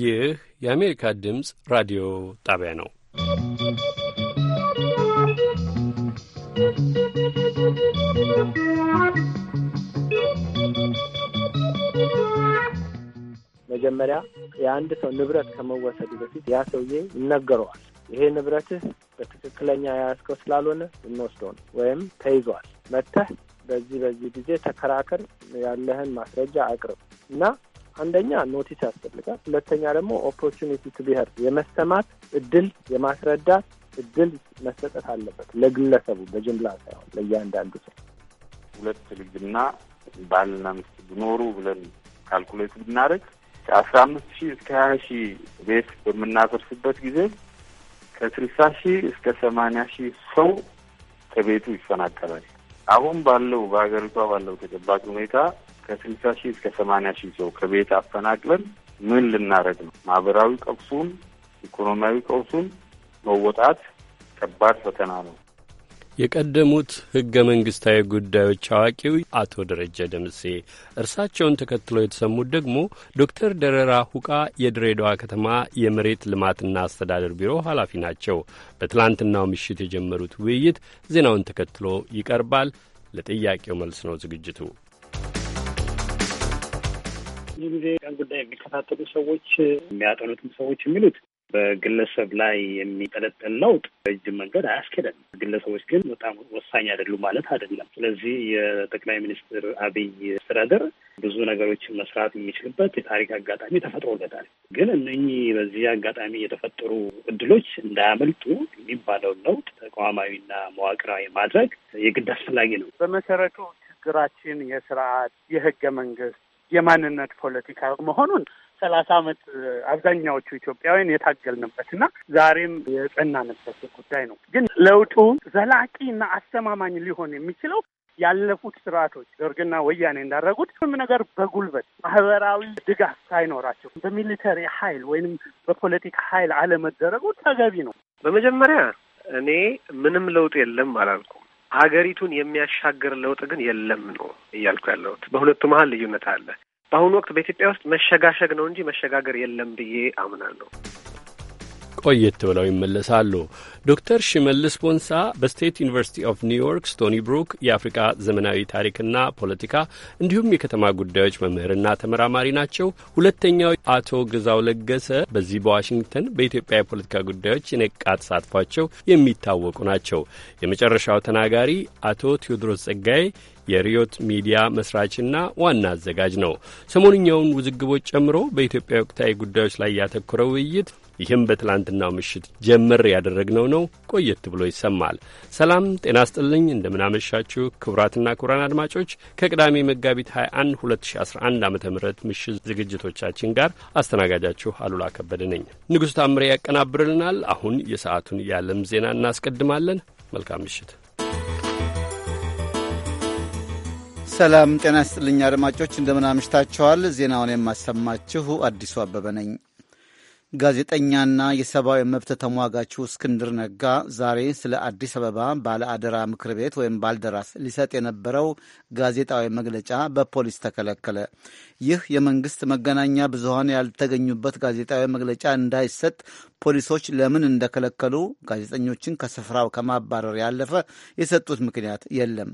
ይህ የአሜሪካ ድምፅ ራዲዮ ጣቢያ ነው። መጀመሪያ የአንድ ሰው ንብረት ከመወሰዱ በፊት ያ ሰውዬ ይነገረዋል። ይሄ ንብረትህ በትክክለኛ የያዝከው ስላልሆነ እንወስደው ነው ወይም ተይዟል መጥተህ በዚህ በዚህ ጊዜ ተከራከር፣ ያለህን ማስረጃ አቅርብ እና አንደኛ ኖቲስ ያስፈልጋል። ሁለተኛ ደግሞ ኦፖርቹኒቲ ቱ ቢሄር የመሰማት እድል የማስረዳት እድል መሰጠት አለበት፣ ለግለሰቡ በጅምላ ሳይሆን ለእያንዳንዱ ሰው። ሁለት ልጅና ባልና ሚስት ቢኖሩ ብለን ካልኩሌት ብናደርግ ከአስራ አምስት ሺህ እስከ ሀያ ሺህ ቤት በምናፈርስበት ጊዜ ከስልሳ ሺህ እስከ ሰማንያ ሺህ ሰው ከቤቱ ይፈናቀላል። አሁን ባለው በሀገሪቷ ባለው ተጨባጭ ሁኔታ ከስልሳ ሺህ እስከ ሰማንያ ሺህ ሰው ከቤት አፈናቅለን ምን ልናደርግ ነው? ማህበራዊ ቀውሱን፣ ኢኮኖሚያዊ ቀውሱን መወጣት ከባድ ፈተና ነው። የቀደሙት ህገ መንግስታዊ ጉዳዮች አዋቂው አቶ ደረጀ ደምሴ፣ እርሳቸውን ተከትሎ የተሰሙት ደግሞ ዶክተር ደረራ ሁቃ የድሬዳዋ ከተማ የመሬት ልማትና አስተዳደር ቢሮ ኃላፊ ናቸው። በትላንትናው ምሽት የጀመሩት ውይይት ዜናውን ተከትሎ ይቀርባል። ለጥያቄው መልስ ነው ዝግጅቱ። ብዙ ጊዜ ቀን ጉዳይ የሚከታተሉ ሰዎች የሚያጠኑትም ሰዎች የሚሉት በግለሰብ ላይ የሚጠለጠል ለውጥ ረጅም መንገድ አያስኬደም። ግለሰቦች ግን በጣም ወሳኝ አይደሉም ማለት አይደለም። ስለዚህ የጠቅላይ ሚኒስትር አብይ አስተዳደር ብዙ ነገሮችን መስራት የሚችልበት የታሪክ አጋጣሚ ተፈጥሮለታል። ግን እነኚህ በዚህ አጋጣሚ የተፈጠሩ እድሎች እንዳያመልጡ የሚባለውን ለውጥ ተቋማዊና መዋቅራዊ ማድረግ የግድ አስፈላጊ ነው። በመሰረቱ ችግራችን የስርዓት የህገ መንግስት የማንነት ፖለቲካ መሆኑን ሰላሳ አመት አብዛኛዎቹ ኢትዮጵያውያን የታገልንበት እና ዛሬም የጸናንበት ጉዳይ ነው። ግን ለውጡ ዘላቂ እና አስተማማኝ ሊሆን የሚችለው ያለፉት ስርዓቶች ደርግና ወያኔ እንዳደረጉት ምንም ነገር በጉልበት ማህበራዊ ድጋፍ ሳይኖራቸው በሚሊተሪ ኃይል ወይንም በፖለቲካ ኃይል አለመደረጉ ተገቢ ነው። በመጀመሪያ እኔ ምንም ለውጥ የለም አላልኩም። ሀገሪቱን የሚያሻግር ለውጥ ግን የለም ነው እያልኩ ያለሁት። በሁለቱ መሀል ልዩነት አለ። በአሁኑ ወቅት በኢትዮጵያ ውስጥ መሸጋሸግ ነው እንጂ መሸጋገር የለም ብዬ አምናለሁ። ቆየት ብለው ይመለሳሉ። ዶክተር ሽመልስ ቦንሳ በስቴት ዩኒቨርሲቲ ኦፍ ኒውዮርክ ስቶኒ ብሩክ የአፍሪካ ዘመናዊ ታሪክና ፖለቲካ እንዲሁም የከተማ ጉዳዮች መምህርና ተመራማሪ ናቸው። ሁለተኛው አቶ ግዛው ለገሰ በዚህ በዋሽንግተን በኢትዮጵያ የፖለቲካ ጉዳዮች የነቃ ተሳትፏቸው የሚታወቁ ናቸው። የመጨረሻው ተናጋሪ አቶ ቴዎድሮስ ጸጋዬ የሪዮት ሚዲያ መስራችና ዋና አዘጋጅ ነው። ሰሞንኛውን ውዝግቦች ጨምሮ በኢትዮጵያ ወቅታዊ ጉዳዮች ላይ ያተኮረ ውይይት ይህም በትላንትናው ምሽት ጀምር ያደረግነው ነው። ቆየት ብሎ ይሰማል። ሰላም ጤና ስጥልኝ። እንደምናመሻችሁ ክቡራትና ክቡራን አድማጮች ከቅዳሜ መጋቢት 21 2011 ዓ ም ምሽት ዝግጅቶቻችን ጋር አስተናጋጃችሁ አሉላ ከበደ ነኝ። ንጉሥ ታምሬ ያቀናብርልናል። አሁን የሰዓቱን የዓለም ዜና እናስቀድማለን። መልካም ምሽት ሰላም ጤና ይስጥልኝ አድማጮች፣ እንደምን አምሽታችኋል? ዜናውን የማሰማችሁ አዲሱ አበበ ነኝ። ጋዜጠኛና የሰብአዊ መብት ተሟጋቹ እስክንድር ነጋ ዛሬ ስለ አዲስ አበባ ባለአደራ ምክር ቤት ወይም ባልደራስ ሊሰጥ የነበረው ጋዜጣዊ መግለጫ በፖሊስ ተከለከለ። ይህ የመንግስት መገናኛ ብዙሀን ያልተገኙበት ጋዜጣዊ መግለጫ እንዳይሰጥ ፖሊሶች ለምን እንደከለከሉ ጋዜጠኞችን ከስፍራው ከማባረር ያለፈ የሰጡት ምክንያት የለም።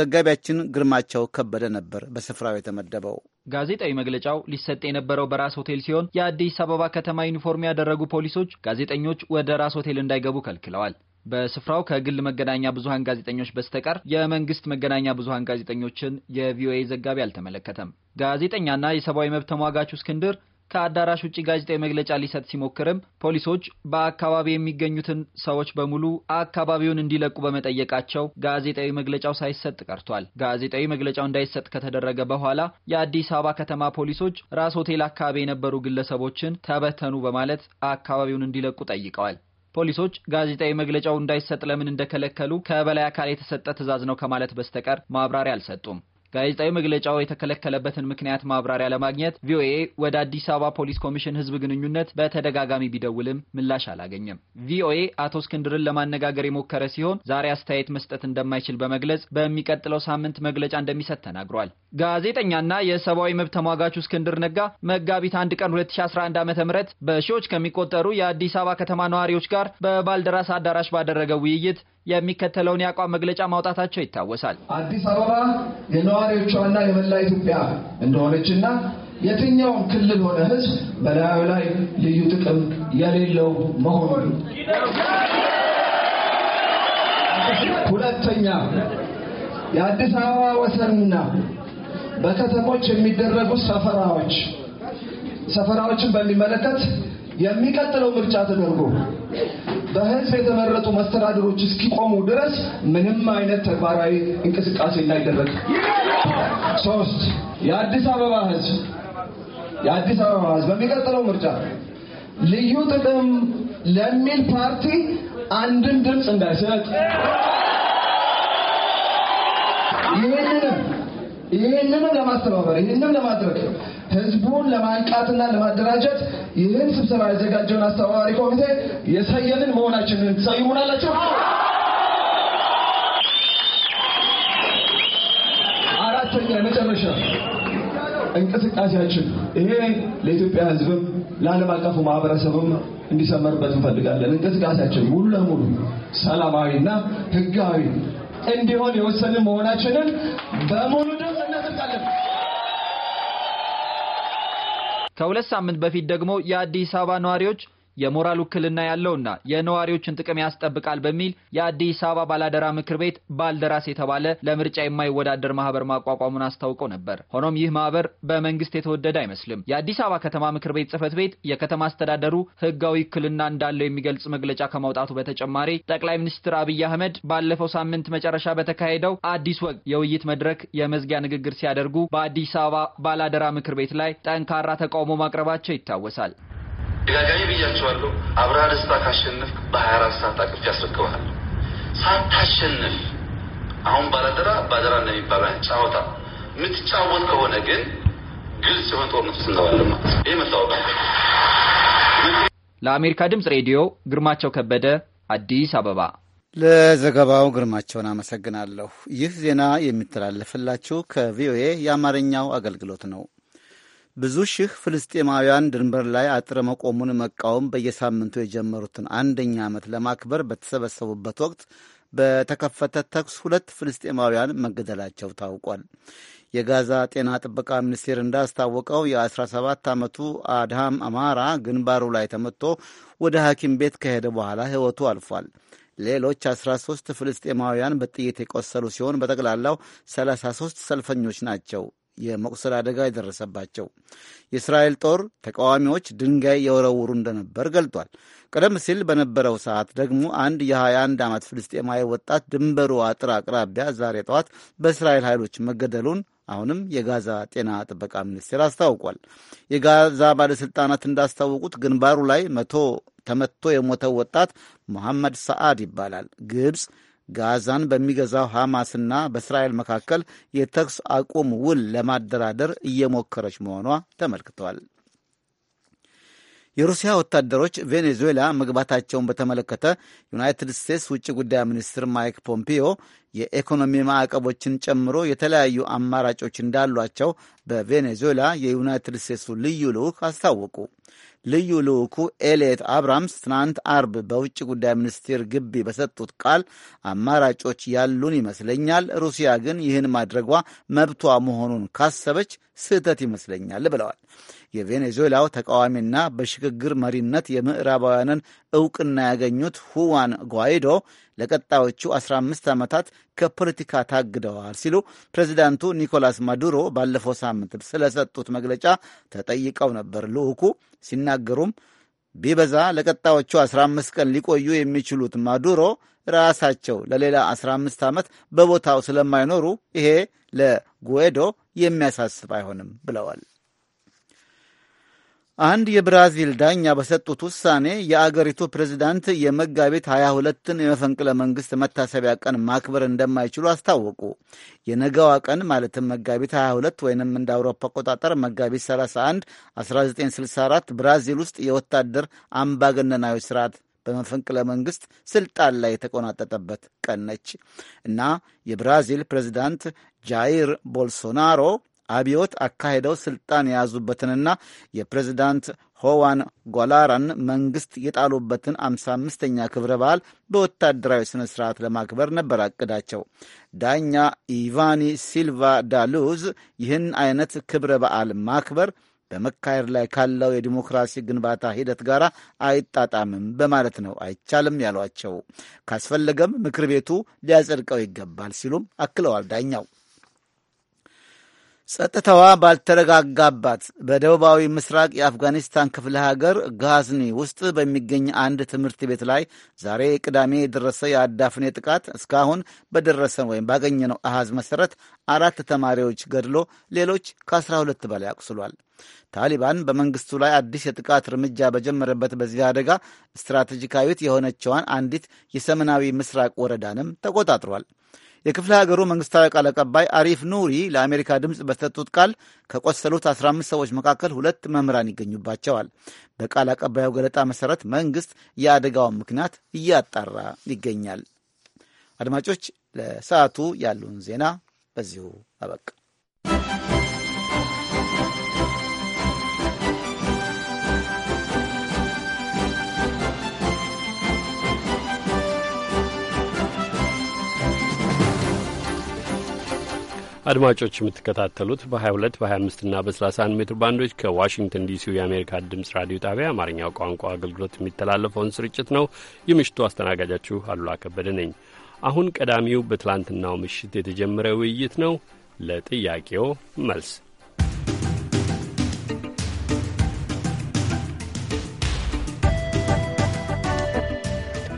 ዘጋቢያችን ግርማቸው ከበደ ነበር በስፍራው የተመደበው። ጋዜጣዊ መግለጫው ሊሰጥ የነበረው በራስ ሆቴል ሲሆን የአዲስ አበባ ከተማ ዩኒፎርም ያደረጉ ፖሊሶች ጋዜጠኞች ወደ ራስ ሆቴል እንዳይገቡ ከልክለዋል። በስፍራው ከግል መገናኛ ብዙሃን ጋዜጠኞች በስተቀር የመንግስት መገናኛ ብዙሃን ጋዜጠኞችን የቪኦኤ ዘጋቢ አልተመለከተም። ጋዜጠኛና የሰብአዊ መብት ተሟጋቹ እስክንድር ከአዳራሽ ውጭ ጋዜጣዊ መግለጫ ሊሰጥ ሲሞክርም ፖሊሶች በአካባቢ የሚገኙትን ሰዎች በሙሉ አካባቢውን እንዲለቁ በመጠየቃቸው ጋዜጣዊ መግለጫው ሳይሰጥ ቀርቷል። ጋዜጣዊ መግለጫው እንዳይሰጥ ከተደረገ በኋላ የአዲስ አበባ ከተማ ፖሊሶች ራስ ሆቴል አካባቢ የነበሩ ግለሰቦችን ተበተኑ በማለት አካባቢውን እንዲለቁ ጠይቀዋል። ፖሊሶች ጋዜጣዊ መግለጫው እንዳይሰጥ ለምን እንደከለከሉ ከበላይ አካል የተሰጠ ትዕዛዝ ነው ከማለት በስተቀር ማብራሪያ አልሰጡም። ጋዜጣዊ መግለጫው የተከለከለበትን ምክንያት ማብራሪያ ለማግኘት ቪኦኤ ወደ አዲስ አበባ ፖሊስ ኮሚሽን ህዝብ ግንኙነት በተደጋጋሚ ቢደውልም ምላሽ አላገኘም። ቪኦኤ አቶ እስክንድርን ለማነጋገር የሞከረ ሲሆን ዛሬ አስተያየት መስጠት እንደማይችል በመግለጽ በሚቀጥለው ሳምንት መግለጫ እንደሚሰጥ ተናግሯል። ጋዜጠኛና የሰብአዊ መብት ተሟጋቹ እስክንድር ነጋ መጋቢት አንድ ቀን 2011 ዓ.ም በሺዎች ከሚቆጠሩ የአዲስ አበባ ከተማ ነዋሪዎች ጋር በባልደራስ አዳራሽ ባደረገው ውይይት የሚከተለውን የአቋም መግለጫ ማውጣታቸው ይታወሳል። አዲስ አበባ የነዋሪዎቿና የመላ ኢትዮጵያ እንደሆነችና የትኛውም ክልል ሆነ ሕዝብ በላዩ ላይ ልዩ ጥቅም የሌለው መሆኑን ሁለተኛ የአዲስ አበባ ወሰንና በከተሞች የሚደረጉ ሰፈራዎች ሰፈራዎችን በሚመለከት የሚቀጥለው ምርጫ ተደርጎ በህዝብ የተመረጡ መስተዳድሮች እስኪቆሙ ድረስ ምንም አይነት ተግባራዊ እንቅስቃሴ እንዳይደረግ። ሶስት የአዲስ አበባ ህዝብ የአዲስ አበባ ህዝብ በሚቀጥለው ምርጫ ልዩ ጥቅም ለሚል ፓርቲ አንድም ድምፅ እንዳይሰጥ ይህንንም ይህንንም ለማስተባበር ይህንንም ለማድረግ ህዝቡን ለማንቃትና ለማደራጀት ይህን ስብሰባ ያዘጋጀውን አስተባባሪ ኮሚቴ የሰየምን መሆናችንን ትሰይሙናላችሁ። አራተኛ መጨረሻ እንቅስቃሴያችን ይሄ ለኢትዮጵያ ህዝብም ለዓለም አቀፉ ማህበረሰብም እንዲሰመርበት እንፈልጋለን። እንቅስቃሴያችን ሙሉ ለሙሉ ሰላማዊና ህጋዊ እንዲሆን የወሰንን መሆናችንን በሙሉ ድምፅ እናጸድቃለን። ከሁለት ሳምንት በፊት ደግሞ የአዲስ አበባ ነዋሪዎች የሞራል ውክልና ያለውና የነዋሪዎችን ጥቅም ያስጠብቃል በሚል የአዲስ አበባ ባላደራ ምክር ቤት ባልደራስ የተባለ ለምርጫ የማይወዳደር ማህበር ማቋቋሙን አስታውቆ ነበር። ሆኖም ይህ ማህበር በመንግስት የተወደደ አይመስልም። የአዲስ አበባ ከተማ ምክር ቤት ጽህፈት ቤት የከተማ አስተዳደሩ ህጋዊ ውክልና እንዳለው የሚገልጽ መግለጫ ከማውጣቱ በተጨማሪ ጠቅላይ ሚኒስትር አብይ አህመድ ባለፈው ሳምንት መጨረሻ በተካሄደው አዲስ ወግ የውይይት መድረክ የመዝጊያ ንግግር ሲያደርጉ በአዲስ አበባ ባላደራ ምክር ቤት ላይ ጠንካራ ተቃውሞ ማቅረባቸው ይታወሳል። ደጋጋሚ ብያቸዋለሁ። አብርሃ ደስታ ካሸንፍ በ24 ሰዓት አቅፍ ያስረክብሃል። ሳታሸንፍ አሁን ባላደራ ባደራ እንደሚባል ጫወታ የምትጫወት ከሆነ ግን ግልጽ የሆነ ጦርነት ውስጥ እንገባለን ማለት ነው። ይህ መታወቅ ለአሜሪካ ድምፅ ሬዲዮ ግርማቸው ከበደ አዲስ አበባ። ለዘገባው ግርማቸውን አመሰግናለሁ። ይህ ዜና የሚተላለፍላችሁ ከቪኦኤ የአማርኛው አገልግሎት ነው። ብዙ ሺህ ፍልስጤማውያን ድንበር ላይ አጥር መቆሙን መቃወም በየሳምንቱ የጀመሩትን አንደኛ ዓመት ለማክበር በተሰበሰቡበት ወቅት በተከፈተ ተኩስ ሁለት ፍልስጤማውያን መገደላቸው ታውቋል። የጋዛ ጤና ጥበቃ ሚኒስቴር እንዳስታወቀው የ17 ዓመቱ አድሃም አማራ ግንባሩ ላይ ተመትቶ ወደ ሐኪም ቤት ከሄደ በኋላ ሕይወቱ አልፏል። ሌሎች 13 ፍልስጤማውያን በጥይት የቆሰሉ ሲሆን በጠቅላላው 33 ሰልፈኞች ናቸው የመቁሰል አደጋ የደረሰባቸው። የእስራኤል ጦር ተቃዋሚዎች ድንጋይ የወረውሩ እንደነበር ገልጧል። ቀደም ሲል በነበረው ሰዓት ደግሞ አንድ የ21 ዓመት ፍልስጤማዊ ወጣት ድንበሩ አጥር አቅራቢያ ዛሬ ጠዋት በእስራኤል ኃይሎች መገደሉን አሁንም የጋዛ ጤና ጥበቃ ሚኒስቴር አስታውቋል። የጋዛ ባለሥልጣናት እንዳስታወቁት ግንባሩ ላይ መቶ ተመቶ የሞተው ወጣት መሐመድ ሰዓድ ይባላል። ግብፅ ጋዛን በሚገዛው ሐማስና በእስራኤል መካከል የተኩስ አቁም ውል ለማደራደር እየሞከረች መሆኗ ተመልክተዋል። የሩሲያ ወታደሮች ቬኔዙዌላ መግባታቸውን በተመለከተ ዩናይትድ ስቴትስ ውጭ ጉዳይ ሚኒስትር ማይክ ፖምፒዮ የኢኮኖሚ ማዕቀቦችን ጨምሮ የተለያዩ አማራጮች እንዳሏቸው በቬኔዙዌላ የዩናይትድ ስቴትሱ ልዩ ልዑክ አስታወቁ። ልዩ ልዑኩ ኤሌት አብራምስ ትናንት አርብ በውጭ ጉዳይ ሚኒስቴር ግቢ በሰጡት ቃል አማራጮች ያሉን ይመስለኛል፣ ሩሲያ ግን ይህን ማድረጓ መብቷ መሆኑን ካሰበች ስህተት ይመስለኛል ብለዋል። የቬኔዙዌላው ተቃዋሚና በሽግግር መሪነት የምዕራባውያንን እውቅና ያገኙት ሁዋን ጓይዶ ለቀጣዮቹ 15 ዓመታት ከፖለቲካ ታግደዋል ሲሉ ፕሬዚዳንቱ ኒኮላስ ማዱሮ ባለፈው ሳምንት ስለሰጡት መግለጫ ተጠይቀው ነበር። ልዑኩ ሲናገሩም ቢበዛ ለቀጣዮቹ 15 ቀን ሊቆዩ የሚችሉት ማዱሮ ራሳቸው ለሌላ 15 ዓመት በቦታው ስለማይኖሩ ይሄ ለጉዌዶ የሚያሳስብ አይሆንም ብለዋል። አንድ የብራዚል ዳኛ በሰጡት ውሳኔ የአገሪቱ ፕሬዚዳንት የመጋቢት 22ን የመፈንቅለ መንግሥት መታሰቢያ ቀን ማክበር እንደማይችሉ አስታወቁ። የነገዋ ቀን ማለትም መጋቢት 22 ወይንም እንደ አውሮፓ አቆጣጠር መጋቢት 31 1964 ብራዚል ውስጥ የወታደር አምባገነናዊ ስርዓት በመፈንቅለ መንግስት ስልጣን ላይ የተቆናጠጠበት ቀን ነች እና የብራዚል ፕሬዚዳንት ጃይር ቦልሶናሮ አብዮት አካሄደው ስልጣን የያዙበትንና የፕሬዚዳንት ሆዋን ጓላራን መንግስት የጣሉበትን አምሳ አምስተኛ ክብረ በዓል በወታደራዊ ሥነ ሥርዓት ለማክበር ነበር አቅዳቸው። ዳኛ ኢቫኒ ሲልቫ ዳሉዝ ይህን አይነት ክብረ በዓል ማክበር በመካሄድ ላይ ካለው የዲሞክራሲ ግንባታ ሂደት ጋር አይጣጣምም በማለት ነው አይቻልም ያሏቸው። ካስፈለገም ምክር ቤቱ ሊያጸድቀው ይገባል ሲሉም አክለዋል ዳኛው። ጸጥታዋ ባልተረጋጋባት በደቡባዊ ምስራቅ የአፍጋኒስታን ክፍለ ሀገር ጋዝኒ ውስጥ በሚገኝ አንድ ትምህርት ቤት ላይ ዛሬ ቅዳሜ የደረሰ የአዳፍኔ ጥቃት እስካሁን በደረሰ ወይም ባገኘነው አሃዝ መሠረት አራት ተማሪዎች ገድሎ ሌሎች ከ12 በላይ አቁስሏል። ታሊባን በመንግስቱ ላይ አዲስ የጥቃት እርምጃ በጀመረበት በዚህ አደጋ ስትራቴጂካዊት የሆነችዋን አንዲት የሰሜናዊ ምስራቅ ወረዳንም ተቆጣጥሯል። የክፍለ ሀገሩ መንግስታዊ ቃል አቀባይ አሪፍ ኑሪ ለአሜሪካ ድምፅ በሰጡት ቃል ከቆሰሉት 15 ሰዎች መካከል ሁለት መምህራን ይገኙባቸዋል። በቃል አቀባዩ ገለጣ መሰረት መንግስት የአደጋውን ምክንያት እያጣራ ይገኛል። አድማጮች፣ ለሰዓቱ ያሉን ዜና በዚሁ አበቃ። አድማጮች የምትከታተሉት በ22 በ25 እና በ31 ሜትር ባንዶች ከዋሽንግተን ዲሲው የአሜሪካ ድምፅ ራዲዮ ጣቢያ አማርኛው ቋንቋ አገልግሎት የሚተላለፈውን ስርጭት ነው። የምሽቱ አስተናጋጃችሁ አሉላ ከበደ ነኝ። አሁን ቀዳሚው በትላንትናው ምሽት የተጀመረ ውይይት ነው። ለጥያቄው መልስ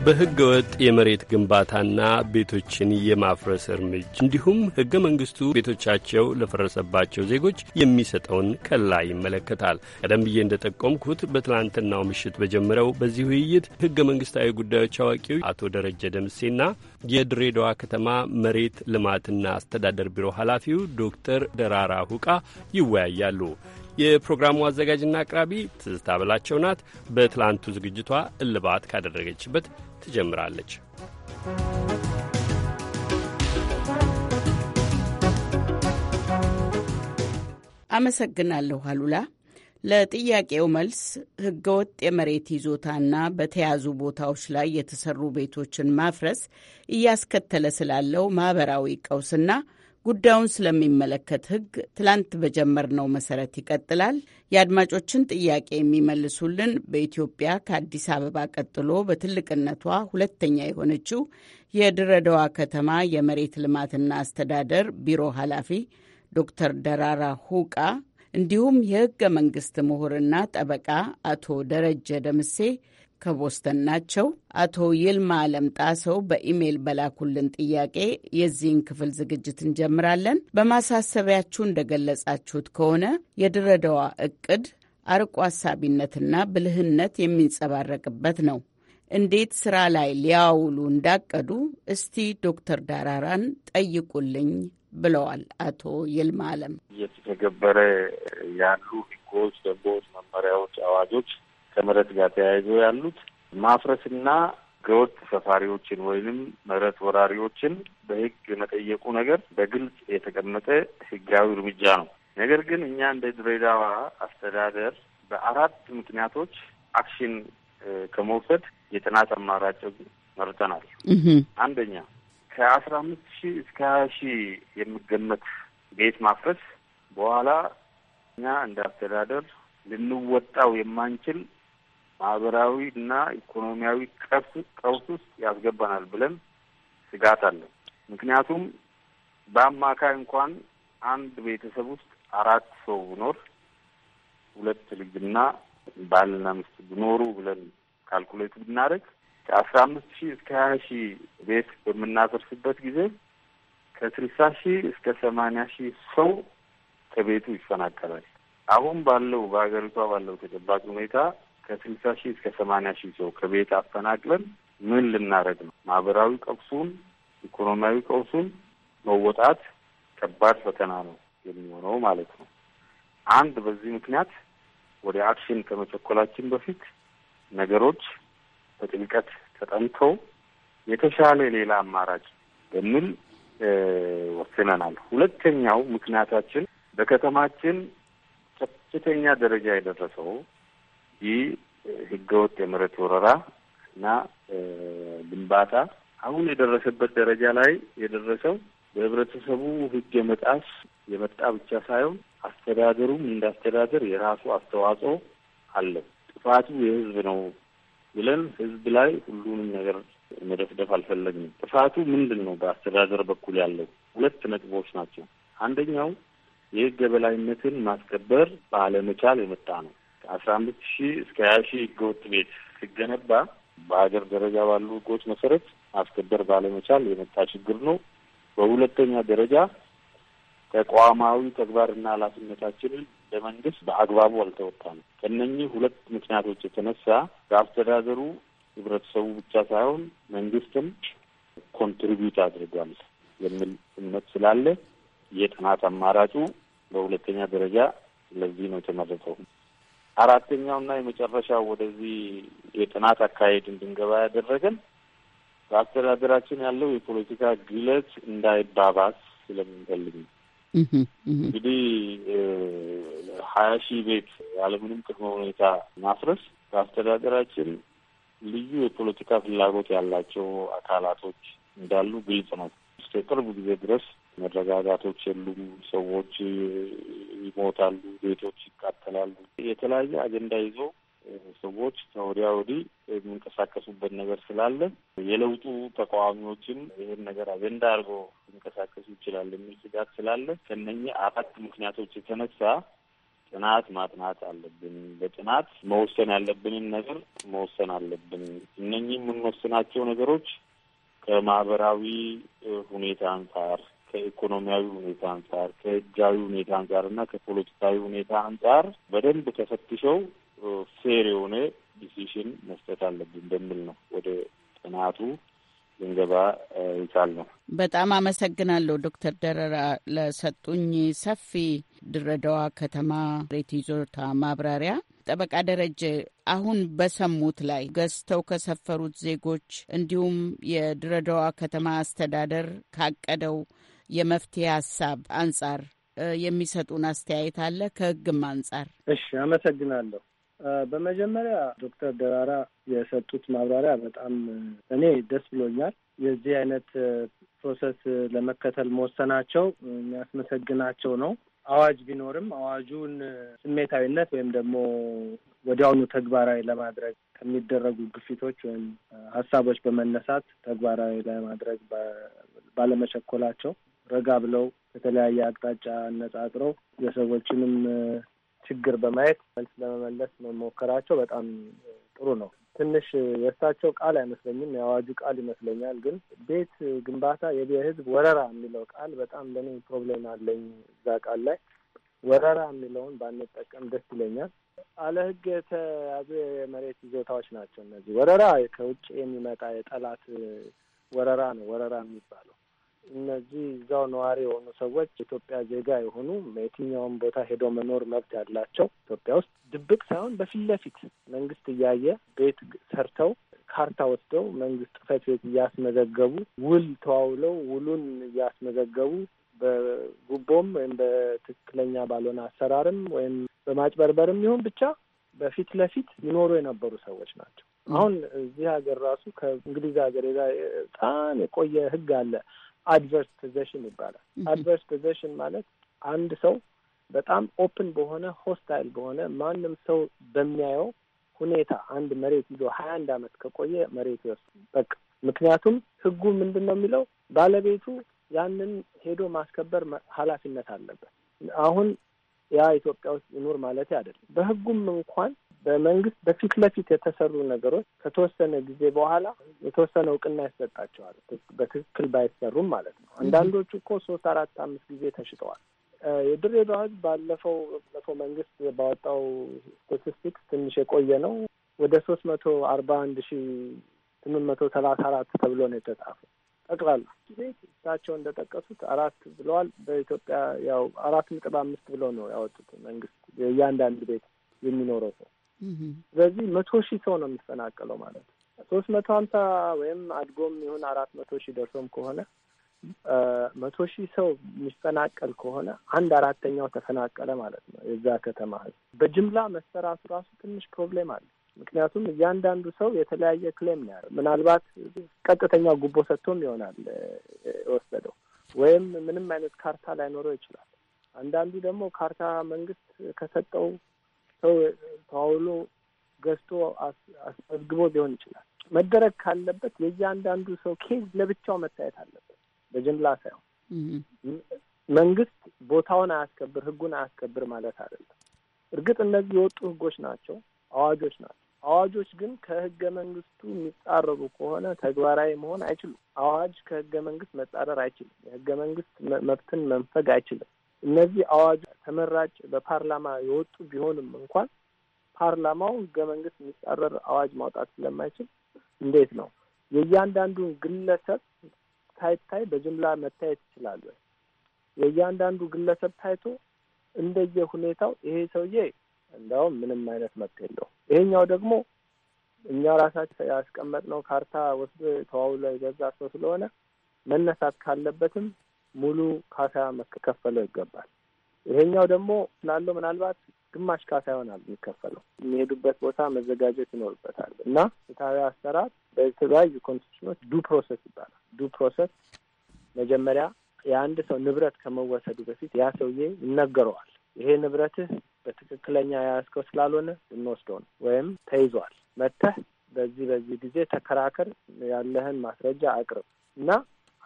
በሕገ ወጥ የመሬት ግንባታና ቤቶችን የማፍረስ እርምጃ እንዲሁም ሕገ መንግሥቱ ቤቶቻቸው ለፈረሰባቸው ዜጎች የሚሰጠውን ከላ ይመለከታል። ቀደም ብዬ ጠቆምኩት በትላንትናው ምሽት በጀመረው በዚህ ውይይት ሕገ መንግሥታዊ ጉዳዮች አዋቂው አቶ ደረጀ ደምሴና የድሬዳዋ ከተማ መሬት ልማትና አስተዳደር ቢሮ ኃላፊው ዶክተር ደራራ ሁቃ ይወያያሉ። የፕሮግራሙ አዘጋጅና አቅራቢ ትዝታ በላቸው ናት። በትላንቱ ዝግጅቷ እልባት ካደረገችበት ትጀምራለች። አመሰግናለሁ አሉላ። ለጥያቄው መልስ ህገወጥ የመሬት ይዞታና በተያዙ ቦታዎች ላይ የተሰሩ ቤቶችን ማፍረስ እያስከተለ ስላለው ማኅበራዊ ቀውስና ጉዳዩን ስለሚመለከት ሕግ ትላንት በጀመርነው መሰረት ይቀጥላል። የአድማጮችን ጥያቄ የሚመልሱልን በኢትዮጵያ ከአዲስ አበባ ቀጥሎ በትልቅነቷ ሁለተኛ የሆነችው የድሬዳዋ ከተማ የመሬት ልማትና አስተዳደር ቢሮ ኃላፊ ዶክተር ደራራ ሁቃ እንዲሁም የህገ መንግስት ምሁርና ጠበቃ አቶ ደረጀ ደምሴ ከቦስተን ናቸው። አቶ ይልማ ሰው በኢሜይል በላኩልን ጥያቄ የዚህን ክፍል ዝግጅት እንጀምራለን። በማሳሰቢያችሁ እንደገለጻችሁት ከሆነ የድሬዳዋ እቅድ አርቆ አሳቢነትና ብልህነት የሚንጸባረቅበት ነው። እንዴት ስራ ላይ ሊያውሉ እንዳቀዱ እስቲ ዶክተር ዳራራን ጠይቁልኝ ብለዋል አቶ ይልማ አለም። እየተተገበረ ያሉ ህጎች፣ ደንቦች፣ መመሪያዎች፣ አዋጆች ከመሬት ጋር ተያይዞ ያሉት ማፍረስና ህገወጥ ሰፋሪዎችን ወይንም መሬት ወራሪዎችን በህግ የመጠየቁ ነገር በግልጽ የተቀመጠ ህጋዊ እርምጃ ነው። ነገር ግን እኛ እንደ ድሬዳዋ አስተዳደር በአራት ምክንያቶች አክሽን ከመውሰድ የጥናት አማራጭ መርጠናል። አንደኛ ከአስራ አምስት ሺህ እስከ ሀያ ሺህ የሚገመት ቤት ማፍረስ በኋላ እኛ እንደ አስተዳደር ልንወጣው የማንችል ማህበራዊ እና ኢኮኖሚያዊ ቀውስ ውስጥ ያስገባናል ብለን ስጋት አለን። ምክንያቱም በአማካይ እንኳን አንድ ቤተሰብ ውስጥ አራት ሰው ብኖር ሁለት ልጅና ባልና ሚስት ብኖሩ ብለን ካልኩሌት ብናደርግ ከአስራ አምስት ሺህ እስከ ሀያ ሺህ ቤት በምናፈርስበት ጊዜ ከስልሳ ሺህ እስከ ሰማንያ ሺህ ሰው ከቤቱ ይፈናቀላል። አሁን ባለው በሀገሪቷ ባለው ተጨባጭ ሁኔታ ከስልሳ ሺህ እስከ ሰማንያ ሺህ ሰው ከቤት አፈናቅለን ምን ልናደርግ ነው? ማህበራዊ ቀውሱን፣ ኢኮኖሚያዊ ቀውሱን መወጣት ከባድ ፈተና ነው የሚሆነው ማለት ነው። አንድ በዚህ ምክንያት ወደ አክሽን ከመቸኮላችን በፊት ነገሮች በጥልቀት ተጠንተው የተሻለ ሌላ አማራጭ በሚል ወስነናል። ሁለተኛው ምክንያታችን በከተማችን ከፍተኛ ደረጃ የደረሰው ይህ ህገወጥ የመሬት ወረራ እና ግንባታ አሁን የደረሰበት ደረጃ ላይ የደረሰው በህብረተሰቡ ህግ የመጣስ የመጣ ብቻ ሳይሆን አስተዳደሩም እንዳስተዳደር የራሱ አስተዋጽኦ አለው። ጥፋቱ የህዝብ ነው ብለን ህዝብ ላይ ሁሉንም ነገር መደፍደፍ አልፈለግንም። ጥፋቱ ምንድን ነው? በአስተዳደር በኩል ያለው ሁለት ነጥቦች ናቸው። አንደኛው የህግ የበላይነትን ማስከበር ባለመቻል የመጣ ነው። ከአስራ አምስት ሺህ እስከ ሀያ ሺህ ህገወጥ ቤት ሲገነባ በሀገር ደረጃ ባሉ ህጎች መሰረት ማስከበር ባለመቻል የመጣ ችግር ነው። በሁለተኛ ደረጃ ተቋማዊ ተግባርና ኃላፊነታችንን ለመንግስት በአግባቡ አልተወጣም። ከነኚህ ሁለት ምክንያቶች የተነሳ በአስተዳደሩ ህብረተሰቡ ብቻ ሳይሆን መንግስትም ኮንትሪቢዩት አድርጓል የሚል እምነት ስላለ የጥናት አማራጩ በሁለተኛ ደረጃ ለዚህ ነው የተመረጠው። አራተኛውና የመጨረሻው ወደዚህ የጥናት አካሄድ እንድንገባ ያደረገን በአስተዳደራችን ያለው የፖለቲካ ግለት እንዳይባባስ ስለምንፈልግ ነው። እንግዲህ ሀያ ሺህ ቤት ያለምንም ቅድመ ሁኔታ ማፍረስ በአስተዳደራችን ልዩ የፖለቲካ ፍላጎት ያላቸው አካላቶች እንዳሉ ግልጽ ነው። እስከ ቅርብ ጊዜ ድረስ መረጋጋቶች የሉም። ሰዎች ይሞታሉ፣ ቤቶች ይቃጠላሉ። የተለያየ አጀንዳ ይዞ ሰዎች ከወዲያ ወዲህ የሚንቀሳቀሱበት ነገር ስላለ የለውጡ ተቃዋሚዎችም ይህን ነገር አጀንዳ አድርጎ ሊንቀሳቀሱ ይችላል የሚል ስጋት ስላለ ከነኚህ አራት ምክንያቶች የተነሳ ጥናት ማጥናት አለብን። በጥናት መወሰን ያለብንን ነገር መወሰን አለብን። እነኚህ የምንወስናቸው ነገሮች ከማህበራዊ ሁኔታ አንጻር ከኢኮኖሚያዊ ሁኔታ አንጻር፣ ከህጋዊ ሁኔታ አንጻር እና ከፖለቲካዊ ሁኔታ አንጻር በደንብ ተፈትሸው ፌር የሆነ ዲሲሽን መስጠት አለብን በሚል ነው ወደ ጥናቱ ልንገባ ይቻል ነው። በጣም አመሰግናለሁ ዶክተር ደረራ ለሰጡኝ ሰፊ ድሬዳዋ ከተማ ሬት ይዞታ ማብራሪያ። ጠበቃ ደረጀ አሁን በሰሙት ላይ ገዝተው ከሰፈሩት ዜጎች እንዲሁም የድሬዳዋ ከተማ አስተዳደር ካቀደው የመፍትሄ ሀሳብ አንጻር የሚሰጡን አስተያየት አለ? ከህግም አንጻር። እሺ፣ አመሰግናለሁ። በመጀመሪያ ዶክተር ደራራ የሰጡት ማብራሪያ በጣም እኔ ደስ ብሎኛል። የዚህ አይነት ፕሮሰስ ለመከተል መወሰናቸው የሚያስመሰግናቸው ነው። አዋጅ ቢኖርም አዋጁን ስሜታዊነት ወይም ደግሞ ወዲያውኑ ተግባራዊ ለማድረግ ከሚደረጉ ግፊቶች ወይም ሀሳቦች በመነሳት ተግባራዊ ለማድረግ ባለመቸኮላቸው ረጋ ብለው በተለያየ አቅጣጫ አነጻጽረው የሰዎችንም ችግር በማየት መልስ ለመመለስ መሞከራቸው በጣም ጥሩ ነው። ትንሽ የእሳቸው ቃል አይመስለኝም፣ የአዋጁ ቃል ይመስለኛል። ግን ቤት ግንባታ የህዝብ ወረራ የሚለው ቃል በጣም ለኔ ፕሮብሌም አለኝ። እዛ ቃል ላይ ወረራ የሚለውን ባንጠቀም ደስ ይለኛል። አለ ህግ የተያዙ የመሬት ይዞታዎች ናቸው እነዚህ። ወረራ ከውጭ የሚመጣ የጠላት ወረራ ነው ወረራ የሚባለው እነዚህ እዛው ነዋሪ የሆኑ ሰዎች ኢትዮጵያ ዜጋ የሆኑ የትኛውም ቦታ ሄዶ መኖር መብት ያላቸው ኢትዮጵያ ውስጥ ድብቅ ሳይሆን በፊት ለፊት መንግስት እያየ ቤት ሰርተው ካርታ ወስደው መንግስት ጽሕፈት ቤት እያስመዘገቡ ውል ተዋውለው ውሉን እያስመዘገቡ በጉቦም ወይም በትክክለኛ ባልሆነ አሰራርም ወይም በማጭበርበርም ይሁን ብቻ በፊት ለፊት ይኖሩ የነበሩ ሰዎች ናቸው። አሁን እዚህ ሀገር ራሱ ከእንግሊዝ ሀገር ጣን የቆየ ህግ አለ። አድቨርስ ፖዚሽን ይባላል። አድቨርስ ፖዚሽን ማለት አንድ ሰው በጣም ኦፕን በሆነ ሆስታይል በሆነ ማንም ሰው በሚያየው ሁኔታ አንድ መሬት ይዞ ሀያ አንድ አመት ከቆየ መሬት ይወስድ በቃ። ምክንያቱም ህጉ ምንድን ነው የሚለው ባለቤቱ ያንን ሄዶ ማስከበር ኃላፊነት አለበት። አሁን ያ ኢትዮጵያ ውስጥ ይኑር ማለት አይደለም። በህጉም እንኳን በመንግስት በፊት ለፊት የተሰሩ ነገሮች ከተወሰነ ጊዜ በኋላ የተወሰነ እውቅና ያሰጣቸዋል። በትክክል ባይሰሩም ማለት ነው። አንዳንዶቹ እኮ ሶስት አራት አምስት ጊዜ ተሽጠዋል። የድሬዳዋ ህዝብ ባለፈው ባለፈው መንግስት ባወጣው ስታቲስቲክስ ትንሽ የቆየ ነው። ወደ ሶስት መቶ አርባ አንድ ሺ ስምንት መቶ ሰላሳ አራት ተብሎ ነው የተጻፈው። ጠቅላላ እሳቸው እንደጠቀሱት አራት ብለዋል። በኢትዮጵያ ያው አራት ነጥብ አምስት ብሎ ነው ያወጡት መንግስት የእያንዳንድ ቤት የሚኖረው ሰው ስለዚህ መቶ ሺህ ሰው ነው የሚፈናቀለው ማለት ነው። ሶስት መቶ ሀምሳ ወይም አድጎም ይሁን አራት መቶ ሺህ ደርሶም ከሆነ መቶ ሺህ ሰው የሚፈናቀል ከሆነ አንድ አራተኛው ተፈናቀለ ማለት ነው። የዛ ከተማ ህዝብ በጅምላ መሰራቱ ራሱ ትንሽ ፕሮብሌም አለ። ምክንያቱም እያንዳንዱ ሰው የተለያየ ክሌም ነው ያለው። ምናልባት ቀጥተኛ ጉቦ ሰጥቶም ይሆናል የወሰደው ወይም ምንም አይነት ካርታ ላይኖረው ይችላል። አንዳንዱ ደግሞ ካርታ መንግስት ከሰጠው ሰው ተዋውሎ ገዝቶ አስመዝግቦ ሊሆን ይችላል። መደረግ ካለበት የእያንዳንዱ ሰው ኬዝ ለብቻው መታየት አለበት፣ በጅምላ ሳይሆን። መንግስት ቦታውን አያስከብር ህጉን አያስከብር ማለት አይደለም። እርግጥ እነዚህ የወጡ ህጎች ናቸው፣ አዋጆች ናቸው። አዋጆች ግን ከህገ መንግስቱ የሚጻረሩ ከሆነ ተግባራዊ መሆን አይችሉም። አዋጅ ከህገ መንግስት መጻረር አይችልም። የህገ መንግስት መብትን መንፈግ አይችልም። እነዚህ አዋጅ ተመራጭ በፓርላማ የወጡ ቢሆንም እንኳን ፓርላማው ህገ መንግስት የሚጻረር አዋጅ ማውጣት ስለማይችል እንዴት ነው የእያንዳንዱን ግለሰብ ሳይታይ በጅምላ መታየት ይችላሉ? የእያንዳንዱ ግለሰብ ታይቶ እንደየ ሁኔታው ይሄ ሰውዬ እንዲያውም ምንም አይነት መብት የለው፣ ይሄኛው ደግሞ እኛ ራሳችን ያስቀመጥነው ካርታ ወስዶ ተዋውሎ የገዛ ሰው ስለሆነ መነሳት ካለበትም ሙሉ ካሳ መከፈለው ይገባል። ይሄኛው ደግሞ ስላለው ምናልባት ግማሽ ካሳ ይሆናል የሚከፈለው። የሚሄዱበት ቦታ መዘጋጀት ይኖርበታል እና ፍትሐዊ አሰራር በተለያዩ ኮንስቲቱሽኖች ዱ ፕሮሰስ ይባላል። ዱ ፕሮሰስ መጀመሪያ የአንድ ሰው ንብረት ከመወሰዱ በፊት ያ ሰውዬ ይነገረዋል። ይሄ ንብረትህ በትክክለኛ የያዝከው ስላልሆነ እንወስደው ነው ወይም ተይዟል፣ መተህ በዚህ በዚህ ጊዜ ተከራከር፣ ያለህን ማስረጃ አቅርብ እና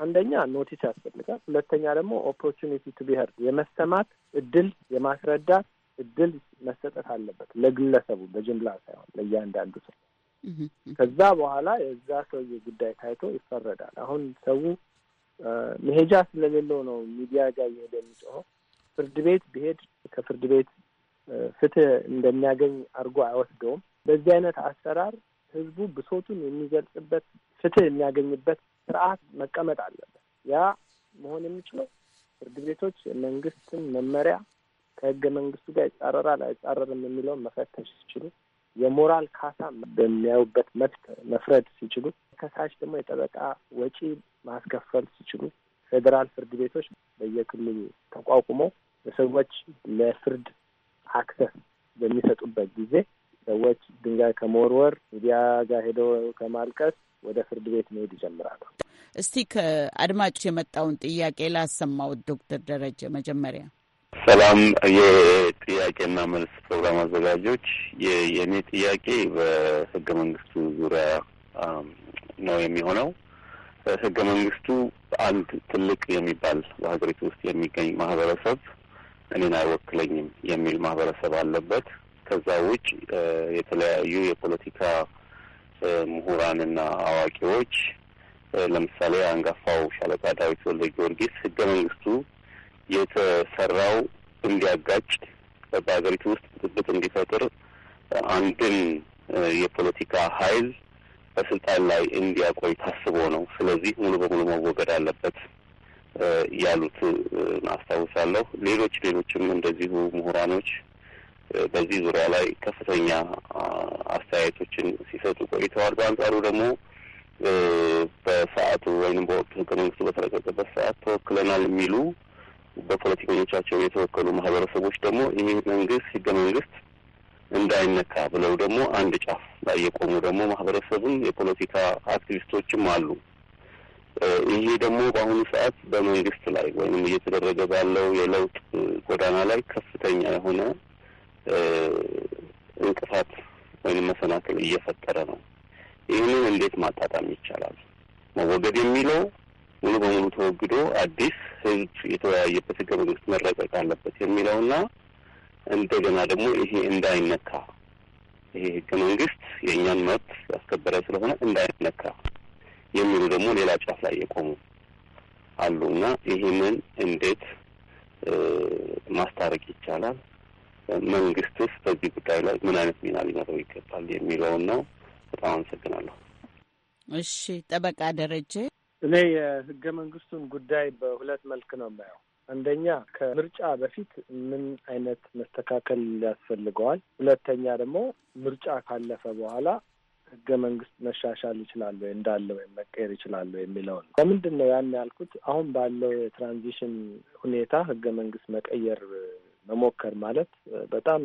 አንደኛ ኖቲስ ያስፈልጋል። ሁለተኛ ደግሞ ኦፖርቹኒቲ ቱ ቢሄርድ የመሰማት እድል የማስረዳት እድል መሰጠት አለበት፣ ለግለሰቡ በጅምላ ሳይሆን ለእያንዳንዱ ሰው። ከዛ በኋላ የዛ ሰውዬ ጉዳይ ታይቶ ይፈረዳል። አሁን ሰው መሄጃ ስለሌለው ነው ሚዲያ ጋር እየሄደ የሚጮኸው። ፍርድ ቤት ቢሄድ ከፍርድ ቤት ፍትህ እንደሚያገኝ አድርጎ አይወስደውም። በዚህ አይነት አሰራር ህዝቡ ብሶቱን የሚገልጽበት ፍትህ የሚያገኝበት ስርዓት መቀመጥ አለበት። ያ መሆን የሚችለው ፍርድ ቤቶች የመንግስትን መመሪያ ከህገ መንግስቱ ጋር ይጻረራል አይጻረርም የሚለውን መፈተሽ ሲችሉ፣ የሞራል ካሳ በሚያዩበት መፍት መፍረድ ሲችሉ፣ ከሳሽ ደግሞ የጠበቃ ወጪ ማስከፈል ሲችሉ፣ ፌዴራል ፍርድ ቤቶች በየክልሉ ተቋቁመው ለሰዎች ለፍርድ አክሰስ በሚሰጡበት ጊዜ ሰዎች ድንጋይ ከመወርወር ሚዲያ ጋር ሄደው ከማልቀስ ወደ ፍርድ ቤት መሄድ ይጀምራሉ። እስቲ ከአድማጭ የመጣውን ጥያቄ ላሰማውት። ዶክተር ደረጀ መጀመሪያ ሰላም፣ የጥያቄና መልስ ፕሮግራም አዘጋጆች፣ የእኔ ጥያቄ በህገ መንግስቱ ዙሪያ ነው የሚሆነው። ህገ መንግስቱ አንድ ትልቅ የሚባል በሀገሪቱ ውስጥ የሚገኝ ማህበረሰብ እኔን አይወክለኝም የሚል ማህበረሰብ አለበት። ከዛ ውጭ የተለያዩ የፖለቲካ ምሁራንና አዋቂዎች ለምሳሌ አንጋፋው ሻለቃ ዳዊት ወልደ ጊዮርጊስ ህገ መንግስቱ የተሰራው እንዲያጋጭ በሀገሪቱ ውስጥ ብጥብጥ እንዲፈጥር አንድን የፖለቲካ ኃይል በስልጣን ላይ እንዲያቆይ ታስቦ ነው። ስለዚህ ሙሉ በሙሉ መወገድ አለበት ያሉት አስታውሳለሁ። ሌሎች ሌሎችም እንደዚሁ ምሁራኖች በዚህ ዙሪያ ላይ ከፍተኛ አስተያየቶችን ሲሰጡ ቆይተዋል። በአንጻሩ ደግሞ በሰዓቱ ወይም በወቅቱ ህገ መንግስቱ በተረቀቀበት ሰዓት ተወክለናል የሚሉ በፖለቲከኞቻቸው የተወከሉ ማህበረሰቦች ደግሞ ይህ መንግስት ህገ መንግስት እንዳይነካ ብለው ደግሞ አንድ ጫፍ ላይ የቆሙ ደግሞ ማህበረሰቡን የፖለቲካ አክቲቪስቶችም አሉ። ይሄ ደግሞ በአሁኑ ሰዓት በመንግስት ላይ ወይም እየተደረገ ባለው የለውጥ ጎዳና ላይ ከፍተኛ የሆነ እንቅፋት ወይም መሰናክል እየፈጠረ ነው። ይህንን እንዴት ማጣጣም ይቻላል? መወገድ የሚለው ሙሉ በሙሉ ተወግዶ አዲስ ህዝብ የተወያየበት ህገ መንግስት መረቀቅ አለበት የሚለውና እንደገና ደግሞ ይሄ እንዳይነካ ይሄ ህገ መንግስት የእኛን መብት ያስከበረ ስለሆነ እንዳይነካ የሚሉ ደግሞ ሌላ ጫፍ ላይ የቆሙ አሉ እና ይህንን እንዴት ማስታረቅ ይቻላል? መንግስትስ በዚህ ጉዳይ ላይ ምን አይነት ሚና ሊኖረው ይገባል የሚለውን ነው። በጣም አመሰግናለሁ። እሺ፣ ጠበቃ ደረጀ። እኔ የህገ መንግስቱን ጉዳይ በሁለት መልክ ነው የማየው። አንደኛ ከምርጫ በፊት ምን አይነት መስተካከል ያስፈልገዋል፣ ሁለተኛ ደግሞ ምርጫ ካለፈ በኋላ ህገ መንግስት መሻሻል ይችላል ወይ እንዳለ ወይም መቀየር ይችላል ወይ የሚለውን ለምንድን ነው ያን ያልኩት። አሁን ባለው የትራንዚሽን ሁኔታ ህገ መንግስት መቀየር መሞከር ማለት በጣም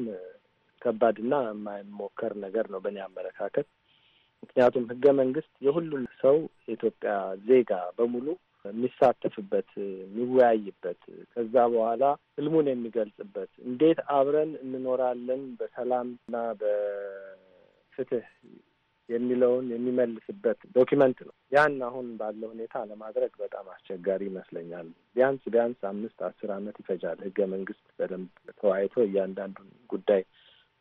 ከባድና የማይሞከር ነገር ነው በእኔ አመለካከት። ምክንያቱም ህገ መንግስት የሁሉም ሰው የኢትዮጵያ ዜጋ በሙሉ የሚሳተፍበት፣ የሚወያይበት ከዛ በኋላ ህልሙን የሚገልጽበት እንዴት አብረን እንኖራለን በሰላምና በፍትህ የሚለውን የሚመልስበት ዶኪመንት ነው። ያን አሁን ባለው ሁኔታ ለማድረግ በጣም አስቸጋሪ ይመስለኛል። ቢያንስ ቢያንስ አምስት አስር ዓመት ይፈጃል። ህገ መንግስት በደንብ ተወያይቶ እያንዳንዱን ጉዳይ